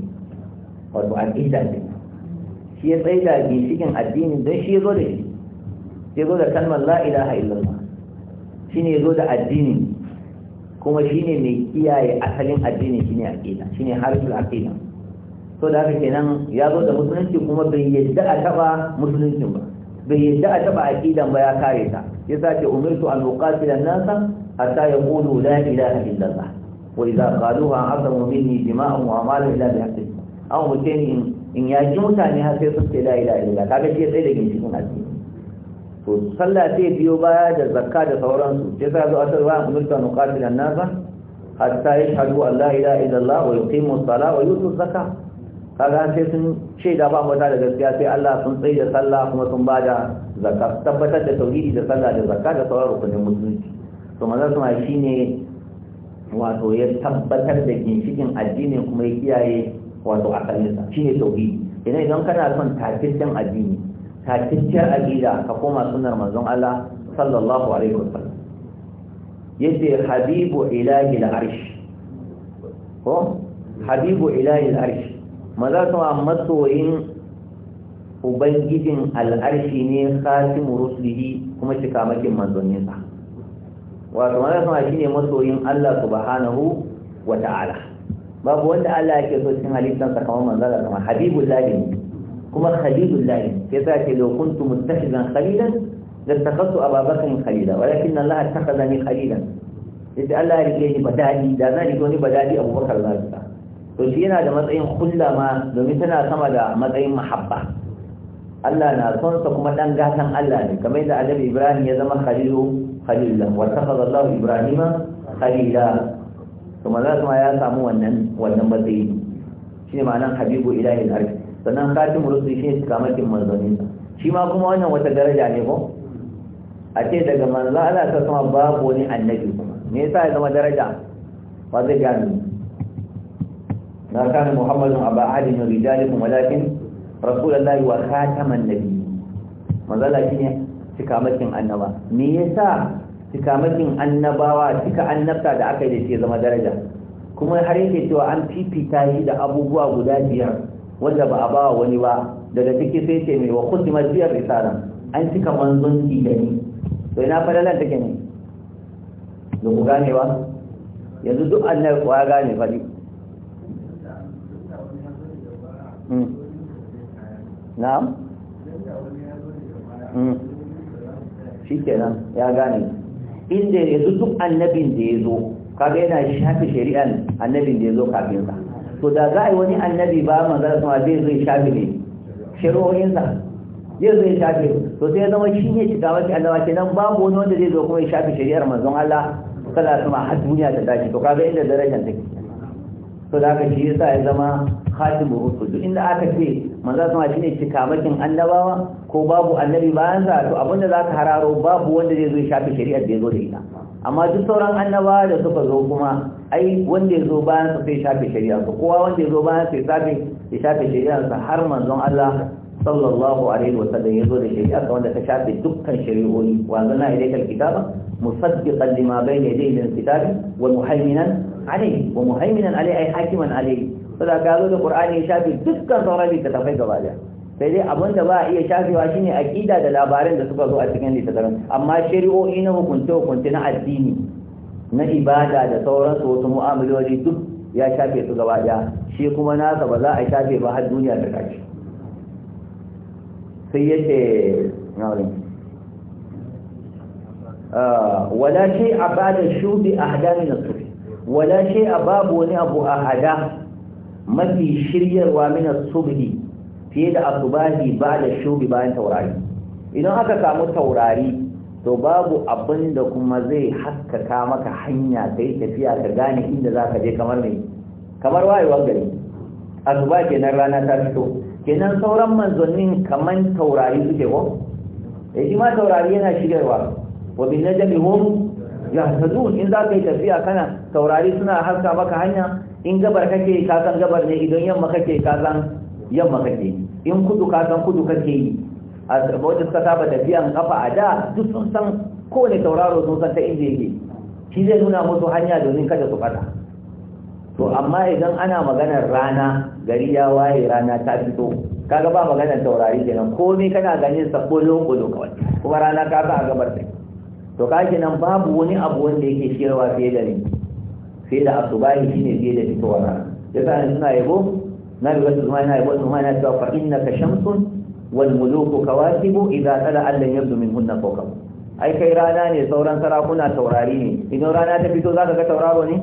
wato aqida ne shi ya tsayi da ginshikin addini don shi ya zo da shi sai zo da kalmar la ilaha illallah shine zo da addini kuma shine mai kiyaye asalin addini shine aqida shine harfin aqida so da haka kenan ya zo da musulunci kuma bai yadda a taba musuluncin ba bai yadda a taba aqidan ba ya kare ta yasa ce umirtu an uqatila an-nasa hatta yaqulu la ilaha illallah wa idza qaluha azamu minni dima'un wa amalu illa bi haqqi aw mutani in ya ji mutane har sai su ce la ilaha illallah kaga shi sai da ginshikin aji. to sallah sai biyo baya da zakka da sauransu yasa zo asarwa umirtu an uqatila an-nasa hatta yashhadu an la ilaha illallah wa yuqimu as-salata wa yutu az-zakata kaga sai sun shaida ba mota da gaskiya sai Allah sun tsaye da sallah kuma sun bada zakka tabbatar da tauhidi da sallah da zakka da sauran rukunin musulunci to manzon sama shine wato ya tabbatar da ginshikin addini kuma ya kiyaye wato asalinsa shine tauhidi idan idan kana son tafiyar addini tafiyar aqida ka koma sunnar manzon Allah sallallahu alaihi wasallam yace habibu ilahi al-arsh ko habibu ilahi al-arsh maza sama masoyin ubangijin al'arshi ne khatimu rusulihi kuma cikamakin manzoninsa wato maza sama shine masoyin Allah subhanahu wa ta'ala babu wanda Allah ya ke so cikin halittarsa kamar manzala kamar habibullahi ne kuma khalilullahi ya sa ce lo kuntu Khalida. khalilan لاتخذت أبا بكر خليلا ولكن الله اتخذني خليلا إذا ni رجعني بدادي دانا رجعني بدادي أبو بكر الله to shi yana da matsayin hulla ma domin tana sama da matsayin mahabba Allah na son sa kuma dan gatan Allah ne kamar da Annabi Ibrahim ya zama khalilu khalilullah wa taqaddasa Allah Ibrahima khalila kuma za kuma ya samu wannan wannan matsayi ne ma'anar habibu ilahi al-arsh sannan khatim rusul shi kamatin manzoni shi ma kuma wannan wata daraja ne ko a ce daga manzo Allah ta sama babu wani annabi kuma me yasa ya zama daraja ba zai gani ما كان محمد أبا عالم من رجالكم ولكن رسول الله وخاتم النبي maza lafi ne cikamakin annaba me yasa cikamakin annabawa cika annabta da aka yi da shi zama daraja kuma har yake cewa an fifita shi da abubuwa guda biyar wanda ba a bawa wani ba daga ciki sai ce mai wa kusimar biyar risalan an cika manzonci da ni to ina fadalan take ne da ku ganewa yanzu duk annabawa gane fadi Hmm. na'am hmm. shi ya gane inda zo duk annabin da ya zo kaga yana shafi shari'an annabin da ya zo kafin sa to da za a yi wani annabi ba manzara kuma zai zai shafi ne shari'o'insa zai zai shafi to sai zama shi ne shiga wasu nan ba babu wani wanda zai zo kuma ya shafi shari'ar manzon Allah kala suna wasallam har duniya ta tashi to kaga inda darajar take so da shi yasa ya zama khatimu rusul inda aka ce manzo sama shine cikamakin annabawa ko babu annabi bayan sa to abinda zaka hararo babu wanda zai zo ya shafi shari'ar da da ita amma duk sauran annabawa da suka zo kuma ai wanda ya zo bayan sa sai shafi shari'a ko kowa wanda ya zo bayan sa sai ya shafi shari'ar sa har manzon Allah sallallahu alaihi wa sallam ya zo da shari'a wanda ta shafi dukkan shari'o'i wa zanna ilayka alkitaba musaddiqan lima bayna yadayhi min alkitabi wa muhaiminan alai wa muhaiminan alai ai hakiman alai saboda ka da qur'ani ya shafi dukkan sauran littattafai gaba daya sai dai abin da ba a iya shafewa shine aqida da labarin da suka zo a cikin littattafan amma shari'o'i na hukunce hukunce na addini na ibada da sauransu wasu mu'amaloli duk ya shafe su gaba daya shi kuma nasa ba za a shafe ba har duniya ta kaci sai yace na'urin wala shi a bada shubi ahdamin su wala a babu wani abu a hada mafi shiryarwa min as-subhi fiye da asubahi ba da shubi bayan taurari idan aka samu taurari to babu abin da kuma zai haskaka maka hanya kai tafiya ka gane inda zaka je kamar ne kamar wayewar gari asuba kenan rana ta fito kenan sauran manzonin kaman taurari suke ko eh shi ma taurari yana shiryarwa. wa bin najmi hum yahtadun in za ka yi tafiya kana taurari suna haska maka hanya in gabar kake ka san gabar ne idan yamma kake ka san yamma kake in kudu ka san kudu kake yi a wajen suka saba tafiyan kafa a da duk sun san kowane tauraro sun san ta inda yake shi zai nuna musu hanya domin kada su fada to amma idan ana maganar rana gari ya waye rana ta fito kaga ba maganar taurari kenan komai kana ganin sa kolo kawai kuma rana ka sa a gabar take to kake nan babu wani abu wanda yake shirwa fiye da ni? fiye da shi ne fiye da fitowar rana yasa ne suna yabo na bi wasu zuma na yabo su zuma yana cewa fa innaka shamsun wal muluku kawatibu idza tala allan yabdu min hunna fawqa ai kai rana ne sauran sarakuna taurari ne idan rana ta fito zaka ga tauraro ne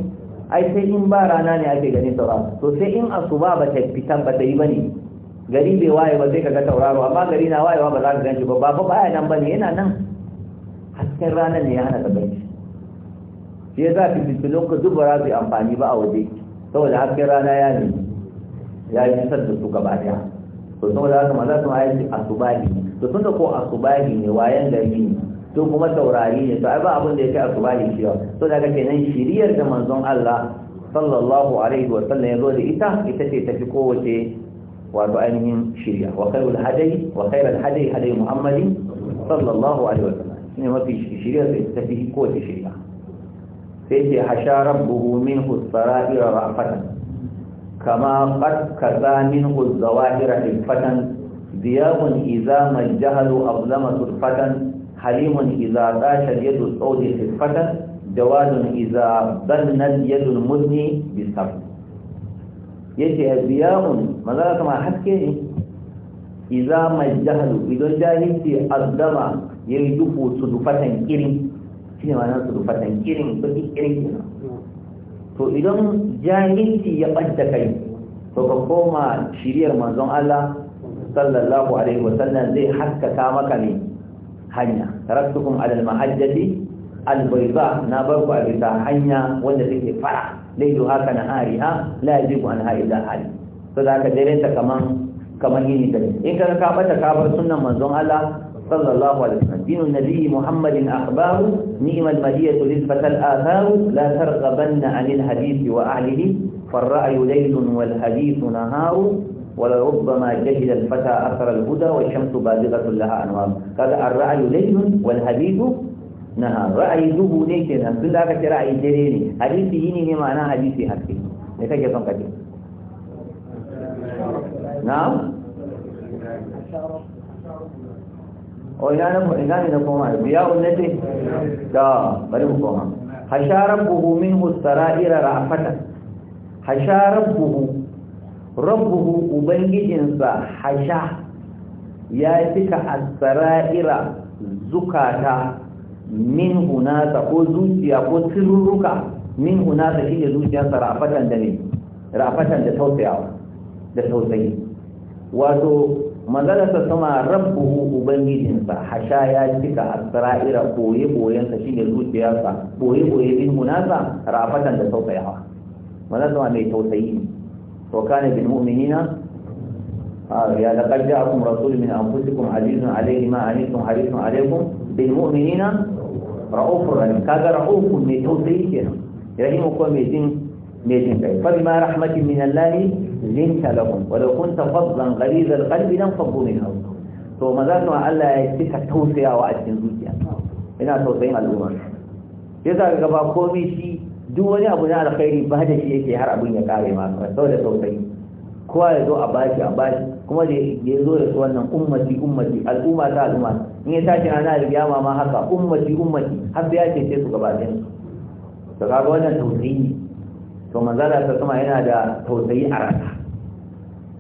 ai sai in ba rana ne ake ganin tauraro to sai in asuba ba ta fitan ba ta yi ba ne. gari bai waye ba sai kaga tauraro amma gari na wayewa ba za ka ganshi ba ba ba ya nan ba bane yana nan hasken ranar ne ya hana ka ganci shi ya za ka fitilun ka dubara amfani ba a waje saboda hasken rana ya ne ya yi nisar da su gaba daya to saboda haka maza sun ayi asubahi to da ko asubahi ne wayan gari ne to kuma taurari ne to ai ba abin da ya kai asubahi shi ba to daga kenan shiriyar da manzon Allah sallallahu alaihi wa sallam yazo da ita ita ce tafi kowace wato ainihin shirya, wa khairul hadayi wa khairul hadayi hadayi muhammadin sallallahu alaihi wa sallam ne mafi shirya sai ta fi kowace shirya sai ce hasha rabbuhu min husara'ira rafatan kama qad kaza min huzawahira ilfatan diyabun idza majjahalu azlama turfatan halimun idza qasha yadu sawdi ilfatan jawadun idza bannat yadu muzni bisab yace diyabun maza kama haske ne idza majjahalu idan jahilci azlama ya yi duhu sudufatan irin shi ne nan sudufatan irin baki irin kenan to idan jahilci ya ɓanta kai to ka koma shiriyar manzon Allah sallallahu alaihi wasallam zai haskaka maka ne hanya taraktukum ala mahajjati Albaiza. na barku a bisa hanya wanda take fara laidu haka na hariha la yajibu an haida hali to da ka dare ta kaman kaman yini da in ka ka bata ka bar sunnan manzon Allah صلى الله عليه وسلم دين النبي محمد أخبار نعم المدية لذبة الآثار لا ترغبن عن الحديث وأعله فالرأي ليل والحديث نهار ولربما جهل الفتى أثر الهدى والشمس بادغة لها أنوار قال الرأي ليل والحديث نهار رأي ذهو نيكنا كل ذلك رأي جريني حديث يني معنى حديث حقي لكي يصنقك نعم o ina na ina ne na koma biya unnati da bari mu koma hasharabbuhu minhu saraira rafatan hasharabbuhu rabbuhu ubangijinsa hasha ya cika as-saraira zukata min hunata ko zuciya ko tirurruka min hunata shine zuciyarsa rafatan da ne rafatan da tausayawa da tausayi wato magana ta sama rabbuhu ubangijinsa hasha ya cika ɓoye boye boyensa shine zuciyarsa ɓoye-ɓoye, bin munasa rafatan da tausayawa magana ta mai tausayi ne to kana bil mu'minina ya laqad ja'akum rasulun min anfusikum azizun alayhi ma anittum harisun alaykum bil mu'minina ra'ufur rahim kaga ra'ufun mai tausayi kenan rahimu ko mai jin mai jin kai fa bima rahmatin min Allah linta lahum wa law kunta faddan ghaliz al-qalbi lam maza su Allah ya cika tausayawa a cikin zuciya ina tausayin al'umma yasa ga ba komai shi duk abu na alkhairi ba da shi yake har abin ya kare ma saboda tausayi kowa ya zo a bashi a kuma da ya zo da su wannan ummati ummati al'umma al'umma in ya tashi ana riga ma haka ummati ummati har ya ce sai su to manzala ta sama yana da tausayi a ransa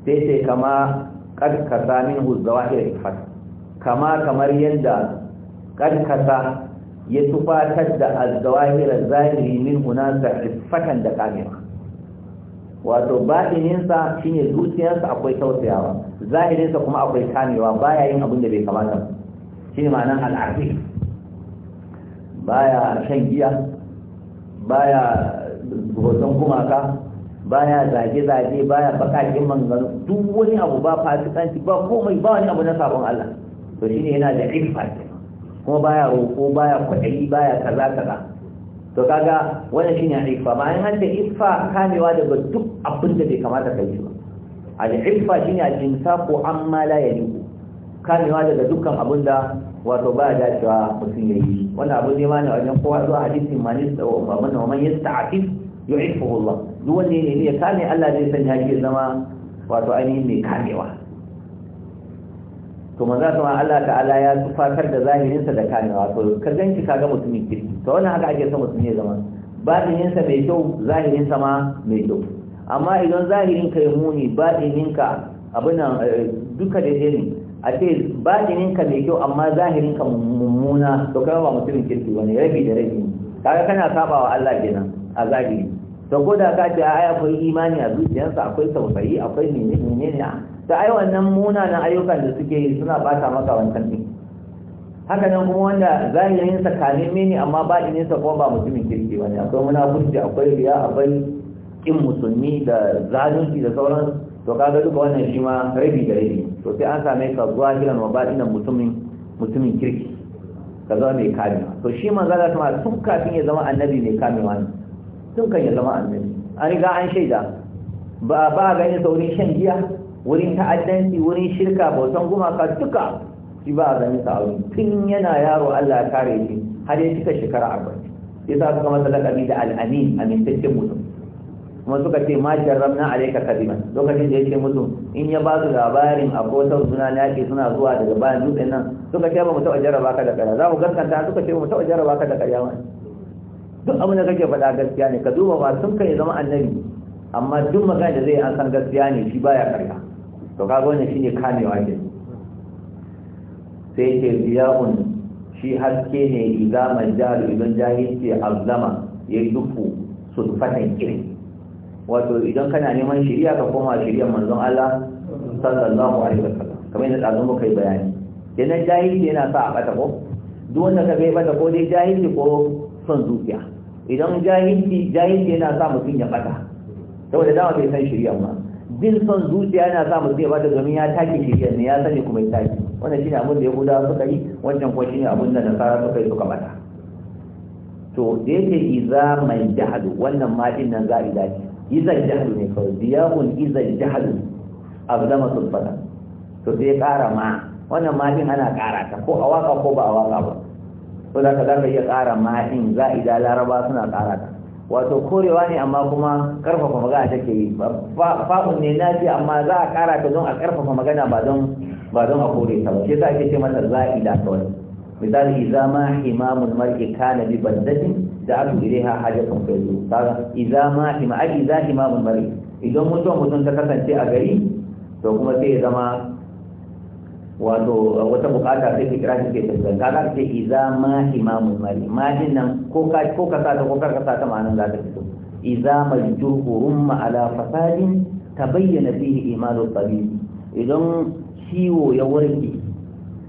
sai sai kama karkasa min huzawa ya fata kama kamar yadda karkasa ya tufatar da azawahira zahiri min hunansa fatan da kamewa wato shi shine zuciyarsa akwai tausayawa zahirinsa kuma akwai kamewa baya yin abin da bai kamata ne ma'anar Ba baya shan giya baya hoton gumaka baya zage-zage baya bakakin manganu duk wani abu ba fasikanci ba komai ba wani abu na sabon Allah to shine yana da ifa kuma baya roƙo baya kwaɗayi baya kaza kaza to kaga wannan shine ifa ba, an hanta ifa kamewa daga duk abin da bai kamata ka yi ba al-ifa shine al-insafu amma la yaliqu kamewa daga dukkan abin da wato ba da cewa mutum ya wannan abu ne ma ne wajen kowa zuwa hadisin manis wa man yasta'afif yu'iffuhu Allah duk wanda ne ya kame Allah zai sanya shi zama wato ainihin mai kamewa to manzo kuma Allah ta'ala ya tufatar da zahirinsa da kamewa to ka ganci kaga mutumin kirki to wannan haka ake son mutum ya zama sa mai kyau zahirinsa ma mai kyau amma idan zahirinka ya muni batininka abinan eh, duka da ne a ce ka mai kyau amma zahirinka mummuna to kai ba mutumin kirki wani rabi da rabi kaga kana saba wa Allah kenan a zahiri to ko da ka ce ai akwai imani a zuciyarsa akwai tausayi akwai menene ne ta ai wannan munanan ayyukan da suke yi suna bata maka wancan din haka nan kuma wanda zahirin sa kalime ne amma ne sa kuma ba mutumin kirki ba ne akwai munafurci akwai riya akwai kin musulmi da zalunci da sauran to ga duka wannan shi ma rabi da rabi to sai an same ka zahiran wa batinan mutumin mutumin kirki ka zama mai kamewa to shi manzala ta tun kafin ya zama annabi mai kamewa ne sun kan ya zama annabi an riga an shaida ba ba gani sa shan giya wurin ta'addanci wurin shirka bautan gumaka duka shi ba gani sa wurin tun yana yaro Allah ya kare shi har ya cika shekara 40 yasa suka masa lakabi da al'amin amintaccen mutum kuma suka ce ma jarrabna alayka kadiman lokacin da ya ce musu in ya ba su labarin abotar suna yaƙi suna zuwa daga bayan dutsen nan suka ce ba mu taɓa jarraba ka da ƙarya za mu gaskanta suka ce ba mu taɓa jarraba ka da ƙarya wani duk abin da kake faɗa gaskiya ne ka duba ba sun kai zama annabi amma duk magana da zai an san gaskiya ne shi baya karya to kaga wannan shine kamewa ke sai ce ziyaun shi haske ne idza majalu idan jahilci azama yayi su sulfatan kiri wato idan kana neman shiriya ka koma shiriyar manzon Allah sallallahu alaihi wasallam kamar yadda azumi kai bayani kenan jahilci yana sa a bata ko duk wanda ka bai bata ko dai jahilci ko son zuciya idan jahilci jahilci yana sa mutum ya bata saboda dama bai san shirya ba bin son zuciya yana sa mutum ya bata domin ya take shirya ne ya sani kuma ya take wannan shine abin da yahudawa suka yi wancan kuma shine abin da nasara suka yi suka bata to da yake iza mai jahalu wannan ma din nan za yi ce iza jahalu ne kawai diyahun iza jahalu abdama sulfana to sai kara ma wannan ma din ana kara ta ko a waka ko ba a waka ba ko za ka za iya ƙara ma'in iya laraba suna ƙara ta wato korewa ne amma kuma ƙarfafa magana take yi fa'un ne na ce amma za a ƙara ta don a ƙarfafa magana ba don ba don a kore ta ba shi yasa ake ce mata ta wani. misali iza ma imamun marke kana bi baddatin da aka gire ha hajjatun kai iza kaga idza ma ima ai idza imamun marke idan mutum mutum ta kasance a gari to kuma sai ya zama wato wata bukata sai kira shi ke tafiyar ka za ce iza ma imamu mali ma nan ko ka ko ka sa ta ko kar ka sa ta ma'anan za ta fito iza mal ma ala fasadin tabayyana fihi imalu tabibi idan ciwo ya warke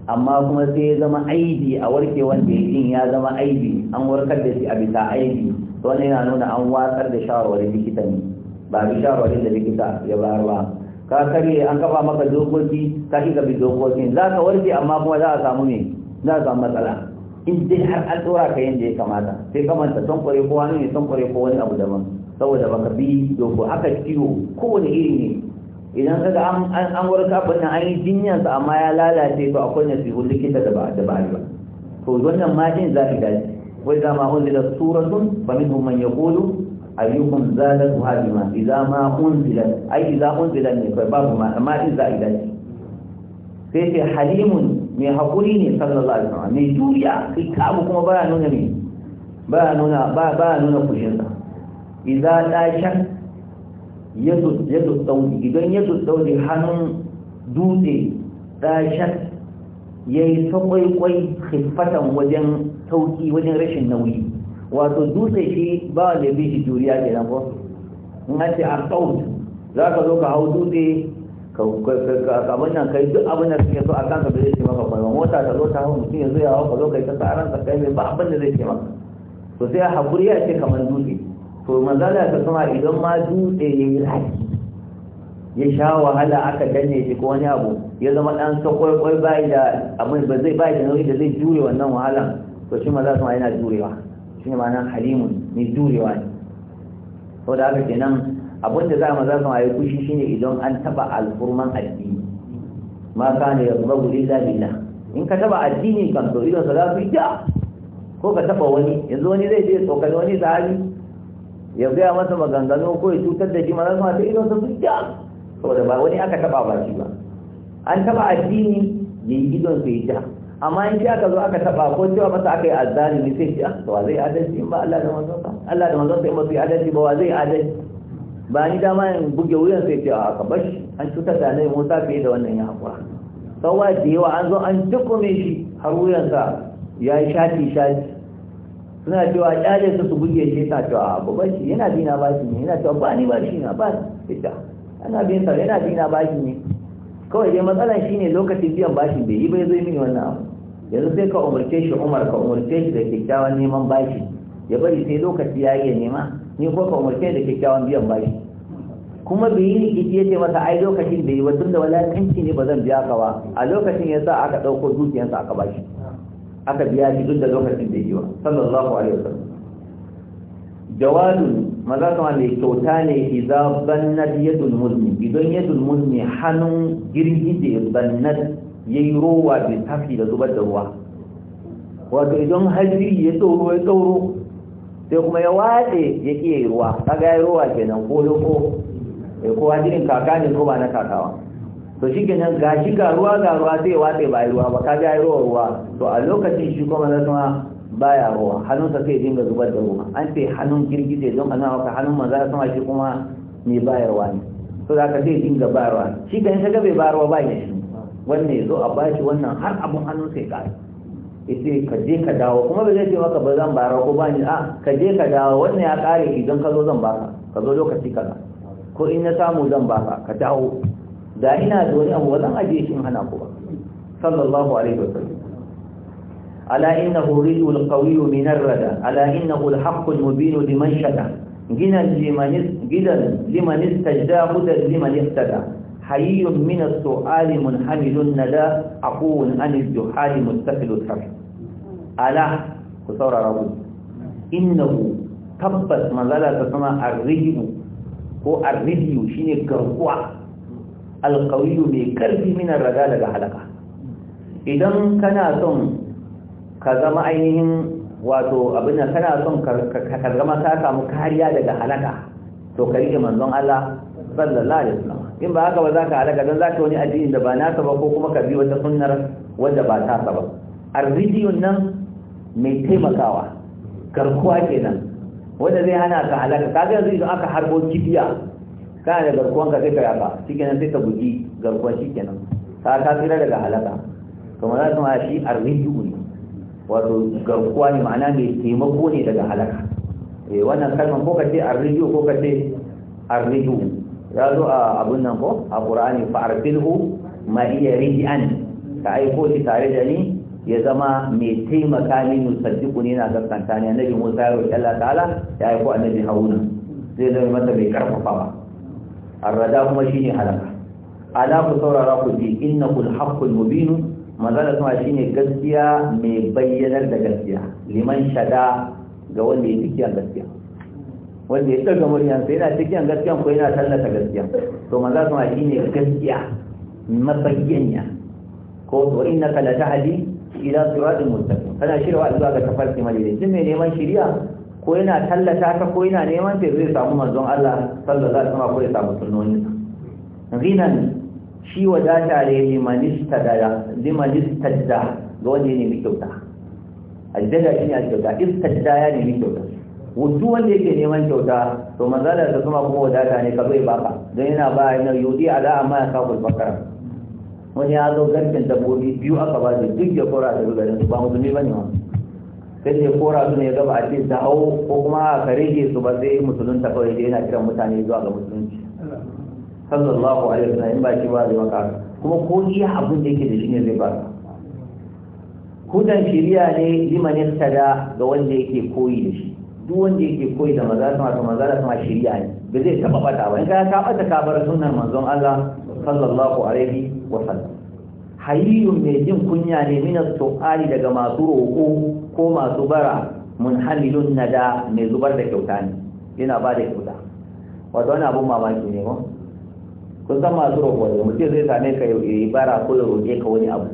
amma kuma sai ya zama aibi a warke wanda ya din ya zama aibi an warkar da shi a bisa aibi to wannan yana nuna an watsar da shawarwarin likita ne ba bi shawarwarin da likita ya bayar ba ka kare an kafa maka dokoki ka shiga bi dokokin za ka warke amma kuma za a samu ne za a samu matsala in dai har an tsora ka da ya kamata sai kamanta son kware ko wani ne son kware ko wani abu daban saboda baka bi doko haka ciwo kowane iri ne idan kaga an an warka nan an yi sa amma ya lalace to akwai nasihun likita da ba da ba ba to wannan ma din za ki gaji wai dama hunzila suratun fa minhum ya ayyukum zalatu hadima idza ma unzilat ai idza unzilat ne kai babu ma amma in za'idat sai ce halimun mai hakuri ne sallallahu alaihi wasallam mai juriya kai kabu kuma nuna ne nuna ba baya nuna kushinsa idza dashan yadu yadu idan yadu hannun dutse dashan yayi sakwai kwai khifatan wajen sauki wajen rashin nauyi wato dutse shi ba wanda bi shi juriya ke nan ko in an ce an za ka zo ka hau dutse ka abin nan kai duk abin da suke so a kan ka zai ce maka kwaiwa mota ta zo ta hau mutum ya zo ya hau ka zo kai ta tsaran ka kai mai ba abin da zai ce maka to sai a haƙuri ya ce kamar dutse to na ta sama idan ma dutse ya yi raki ya sha wahala aka danne shi ko wani abu ya zama ɗan sakwaikwai bayi da abin ba zai bai da nauyi da zai jure wannan wahalan to shi maza sama yana jurewa shi ma'anar halimun mai jurewa ne Ko da haka kenan abinda za mu zama a yi kushi shine idan an taba alfurman addini ma ka ne ya zuba guri zabila in ka taba addini kan to idan za su yi da ko ka taba wani yanzu wani zai je tsokali wani sahabi ya gaya masa maganganu ko ya cutar da shi ma zama ta idan su yi da saboda ba wani aka taba ba shi ba an taba addini ne idan su yi da amma in ji aka zo aka taba ko cewa masa aka yi ne sai shi a ah, wa zai adalci ba Allah da manzon Allah da manzon in ba su yi adalci ba wa zai adalci ba ni dama in buge wuyan sai ce a ah, kabar shi an cuta da nai mota fiye da wannan ya hakura sauwa da yawa an zo an tukume shi har wuyan sa ya yi shati shati suna cewa kyale su su buge shi ta cewa a ah, ba shi yana ba shi ne yana cewa ba ni ba shi na ba ita ana bin sa yana ba shi ne kawai dai matsalan shine lokacin biyan bashi bai yi bai zai mini wannan abu yanzu sai ka umarce shi umar ka umarce shi da kyakkyawan neman bashi ya bari sai lokaci ya iya nema ni ko ka umarce da kyakkyawan biyan bashi kuma bai yi rikici ya ce masa ai lokacin bai yi ba tun da walakanci ne ba zan biya ka ba a lokacin ya sa aka ɗauko dukiyansa aka bashi aka biya shi duk da lokacin bai yi ba sallallahu alaihi wasallam jawalun maza kama mai kyauta ne iza bannat yadul muzni idan yadul muzni hannun girgije bannat ya yi rowa bai tafi da zubar da ruwa wato idan hajji ya tsoro ya tsoro sai kuma ya watse ya iya yi ruwa kaga ya rowa kenan ko loko ya eh, kowa jirin kaka ne ko ba na kakawa to shi kenan ga shi ga ruwa ga ruwa sai ya watse ba yi ruwa ba kaga ya rowa ruwa to a lokacin shi kuma na baya ruwa hannunsa sai dinga zubar da ruwa an ce hannun girgije don ana maka hannun maza sama shi kuma mai bayarwa ne So da ka zai dinga bayarwa shi kan shaga bai bayarwa ba ya shi wannan ya zo a bashi wannan har abun hannun sai ƙara ita ka je ka dawo kuma ba zai ce maka ba zan bayarwa ko ba ni a ka je ka dawo wannan ya ki idan ka zo zan baka ka zo lokaci kaza ko in na samu zan baka ka dawo da ina da wani abu ba zan ajiye shi in hana ku ba sallallahu alaihi sallam ala innahu rijul qawiyyu min rada ala innahu al-haqqu liman shada gidan liman istajda hudan liman ihtada hayyun min as-su'ali munhamilun nada aqul an ku saurara ku innahu tabbas manzala ta sama ar-rijul ko shine garkuwa alƙawiyu mai ƙarfi minar raga daga halaka idan kana son ka zama ainihin wato abin da kana son ka zama ka samu kariya daga halaka to ka rike manzon Allah sallallahu alaihi wasallam in ba haka ba za ka halaka don za ka wani addini da ba nasa ba ko kuma ka bi wata sunnar wadda ba ta saba. arridiyun nan mai taimakawa garkuwa kenan wanda zai hana ka halaka kaga zai zo aka harbo kibiya kana da garkuwan ka sai ka yaba shikenan sai ka bugi garkuwa shikenan ka ka tsira daga halaka kuma za su ma shi arridiyu wato garkuwa ne ma'ana mai taimako ne daga halaka eh wannan kalman ko kace arriju ko kace arriju ya zo a abun nan ko a qur'ani fa arsilhu ma iya rijian ka aiko shi tare da ni ya zama mai taimaka min yusaddiqu ni na gaskanta ne annabi Musa ya roki Allah ta'ala ya aiko annabi Haruna zai zama masa mai karfafawa arrada kuma shine halaka ala ku saurara ku bi innakul haqqul mubin manzala kuma shine gaskiya mai bayyanar da gaskiya liman shada ga wanda ya tsakiyar gaskiya wanda ya daga muryansa yana cikin gaskiya ko yana tallata gaskiya to manzala kuma shine gaskiya mabayyaniya ko to innaka la tahdi ila siratin mustaqim kana shirwa zuwa ga tafarki madidin din mai neman shiriya ko yana tallata ta ko yana neman ta zai samu manzon Allah sallallahu alaihi wasallam ko ya samu sunnoni rinan shi wadata ne limanista da da ga wanda ne mai kyauta aljada shi ne a kyauta istadda ya ne mai kyauta Wutu wanda yake neman kyauta to manzala da kuma kuma wadata ne ka zai baka don yana ba a yau yana yudi ala amma ya kafa bakara wani ya zo garken dabbobi biyu aka ba su, duk ya kora su garin su ba musulmi bane ma sai ya kora su ne ya gaba a ce da hau ko kuma ka rage su ba sai musulunta kawai da yana kiran mutane zuwa ga musulunci sallallahu alaihi wasallam in ba shi ba zai maka kuma ko iya abin da yake da shi ne zai baka hudan shiriya ne liman yastada ga wanda yake koyi da shi duk wanda yake koyi da maza sama to maza sama shiriya ne ba zai taba bata ba in ka ka bata ka bar sunnar manzon Allah sallallahu alaihi wasallam hayyun mai jin kunya ne as su'ali daga masu roƙo ko masu bara munhamilun nada mai zubar da kyauta ne yana ba da kyauta wato wani abun mamaki ne ko kun san masu roƙo ne mutum zai same ka yau yi bara ko ya roƙe ka wani abu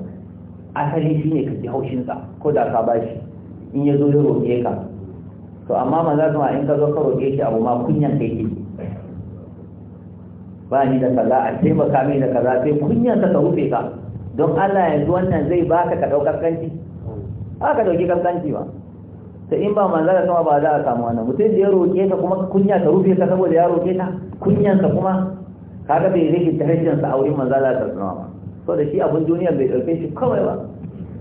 asali shi ne ka ji haushinsa ko da ka ba shi in ya zo ya roƙe ka to amma maza kuma in ka zo ka roƙe shi abu ma kunyan ka yake ba ni da kaza a taimaka mai da kaza sai kunyan ka ta rufe ka don Allah yanzu wannan zai baka ka ɗaukar kanki ba ka ɗauki kanki ba ta in ba manzara sama ba za a samu wannan mutum da ya roƙe ka kuma kunya ta rufe ka saboda ya roƙe ka ka kuma kaga bai rike darajar sa a wurin manzo Allah ta alaihi so da shi abun duniya bai dauke shi kawai ba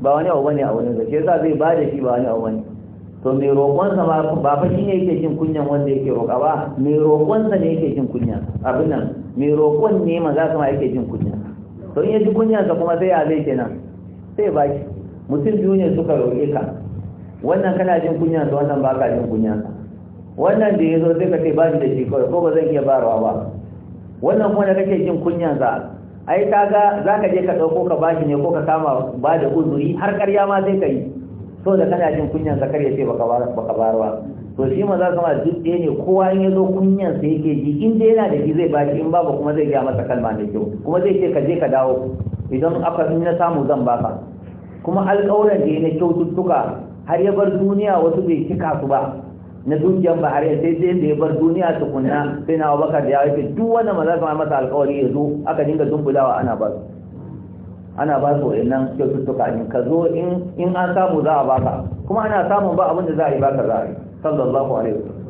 ba wani abu bane a wurin sa shi yasa zai ba da shi ba wani abu bane to mai roƙon sa ba ba fa ne yake jin kunyan wanda yake roƙa ba mai roƙon sa ne yake jin kunya abin nan mai roƙon ne manzo ma yake jin kunya to in ya ji kunyan sa kuma sai ya zai kenan sai ba shi mutum biyu ne suka roƙe ka wannan kana jin kunyan sa wannan ba ka jin kunyan sa wannan da ya zo sai ka ce ba shi da shi kawai ko ba zan iya barawa ba wannan kuma da kake jin kunyan za ai kaga zaka je ka dauko ka bashi ne ko ka kama ba da uzuri har karya ma zai kai so da kana jin kunyan zakar ya ce baka baka barwa to shi maza sama duk ɗaya ne kowa in ya zo kunyan sa yake ji in dai yana da shi zai bashi in babu kuma zai gaya masa kalma da kyau kuma zai ce ka je ka dawo idan aka in na samu zan baka kuma alƙawarin da ya na kyaututtuka har ya bar duniya wasu bai cika su ba na dukiyar a sai sai da ya bar duniya kunna sai na abubakar da ya yake duk wanda maza su masa alkawari ya zo aka dinga zumbulawa ana ba su ana ba su nan kyaututtuka in ka zo in an samu za a baka kuma ana samun ba abin da za a yi ka za a yi sallallahu alaihi wasallam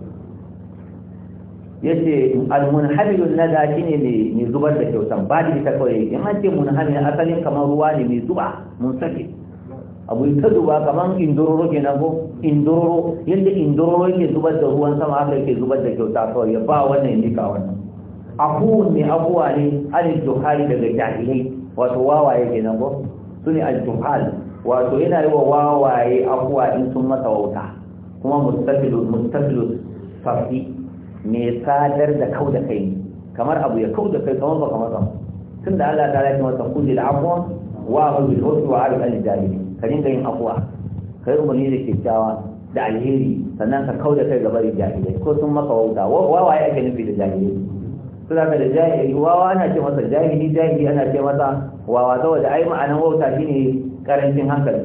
yace almunhamilun nada shine ne ne zubar da kyautan ba da ita kawai in an ce munhamil asalin kamar ruwa ne mai zuba mun sake abu ta zuba kamar indororo kenan ko indoro yadda indoro yake zubar da ruwan sama haka yake zubar da kyauta kawai ya ba wannan ya nika wannan abubuwan ne abuwa ne alin juhali daga jahilai wato wawaye ke nan ko sune ne aljuhal wato yana yi wa wawaye abuwa in sun masa wauta kuma mustafilus mustafilus safi mai sadar da kau da kai kamar abu ya kau da kai kamar ba kamar sama tun da Allah ta lafi masa kulli da abuwa wa abu bil husni wa abu al jahili ka dinga yin abuwa kai umarni da kyakkyawa da alheri sannan ka kau da kai gaba da jahilai ko sun maka wauta wawaye ake nufi da jahilai su da da jahilai wawa ana ce masa jahili jahili ana ce masa wawa saboda ai ma'anan wauta shine karancin hankali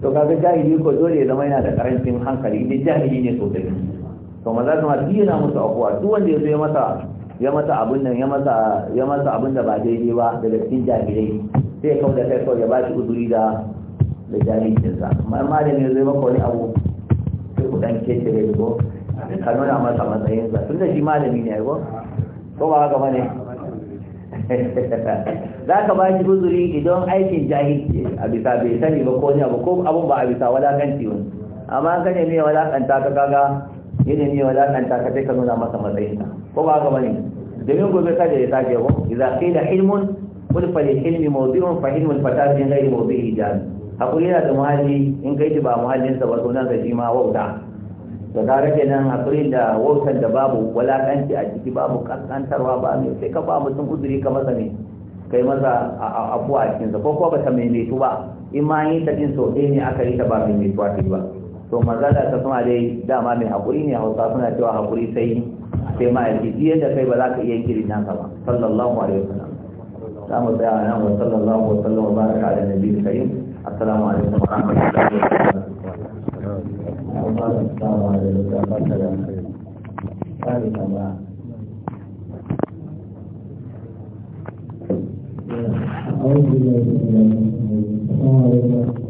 to kaga jahili ko dole ya zama yana da karancin hankali inda jahili ne sosai to maza kuma yana musu afuwa duk wanda ya zo ya masa ya masa abun nan ya masa ya masa abun da ba daidai ba daga cikin jahilai sai ya kauda kai kawai ya ba shi uzuri da da jahilcinsa amma da ne zai maka wani abu sai ku dan da ko ka nuna masa matsayinsa tun da shi malami ne ko ko ba haka bane za ka ba shi guzuri idan aikin jahilci a bisa bai sani ba ko ne abu ko abun ba a bisa wadakanci wani amma ka ne mai wadakanta ka kaga yana mai wadakanta ka sai ka nuna masa matsayinsa ko ba haka bane domin gobe kada ya sake idan idza qila ilmun qul fa lil ilmi mawdi'un fa ilmul bi ghayr mawdi'i jami hakuri yana da muhalli in kai shi ba muhallinsa ba sunan sa shi ma wauta to ka rage nan hakuri da wautan da babu walakanci a ciki babu kaskantarwa ba mai sai ka ba mutum uzuri ka masa ne kai masa abu a cikinsa ko kuwa ba ta maimaitu ba in ma yi ta jin sau ɗaya ne aka yi ta ba maimaitu a ciki ba to mazala ta suna dai dama mai hakuri ne hausa suna cewa hakuri sai sai ma yanki fiye da kai ba za ka iya kiri nan ka ba sallallahu alaihi wasallam za mu tsaya nan wa sallallahu wa sallam wa baraka da nabiyyi karim Assalamualaikum warahmatullahi wabarakatuh. Waalaikumsalam warahmatullahi wabarakatuh. Hari ini. Ya. Alhamdulillah. Assalamualaikum.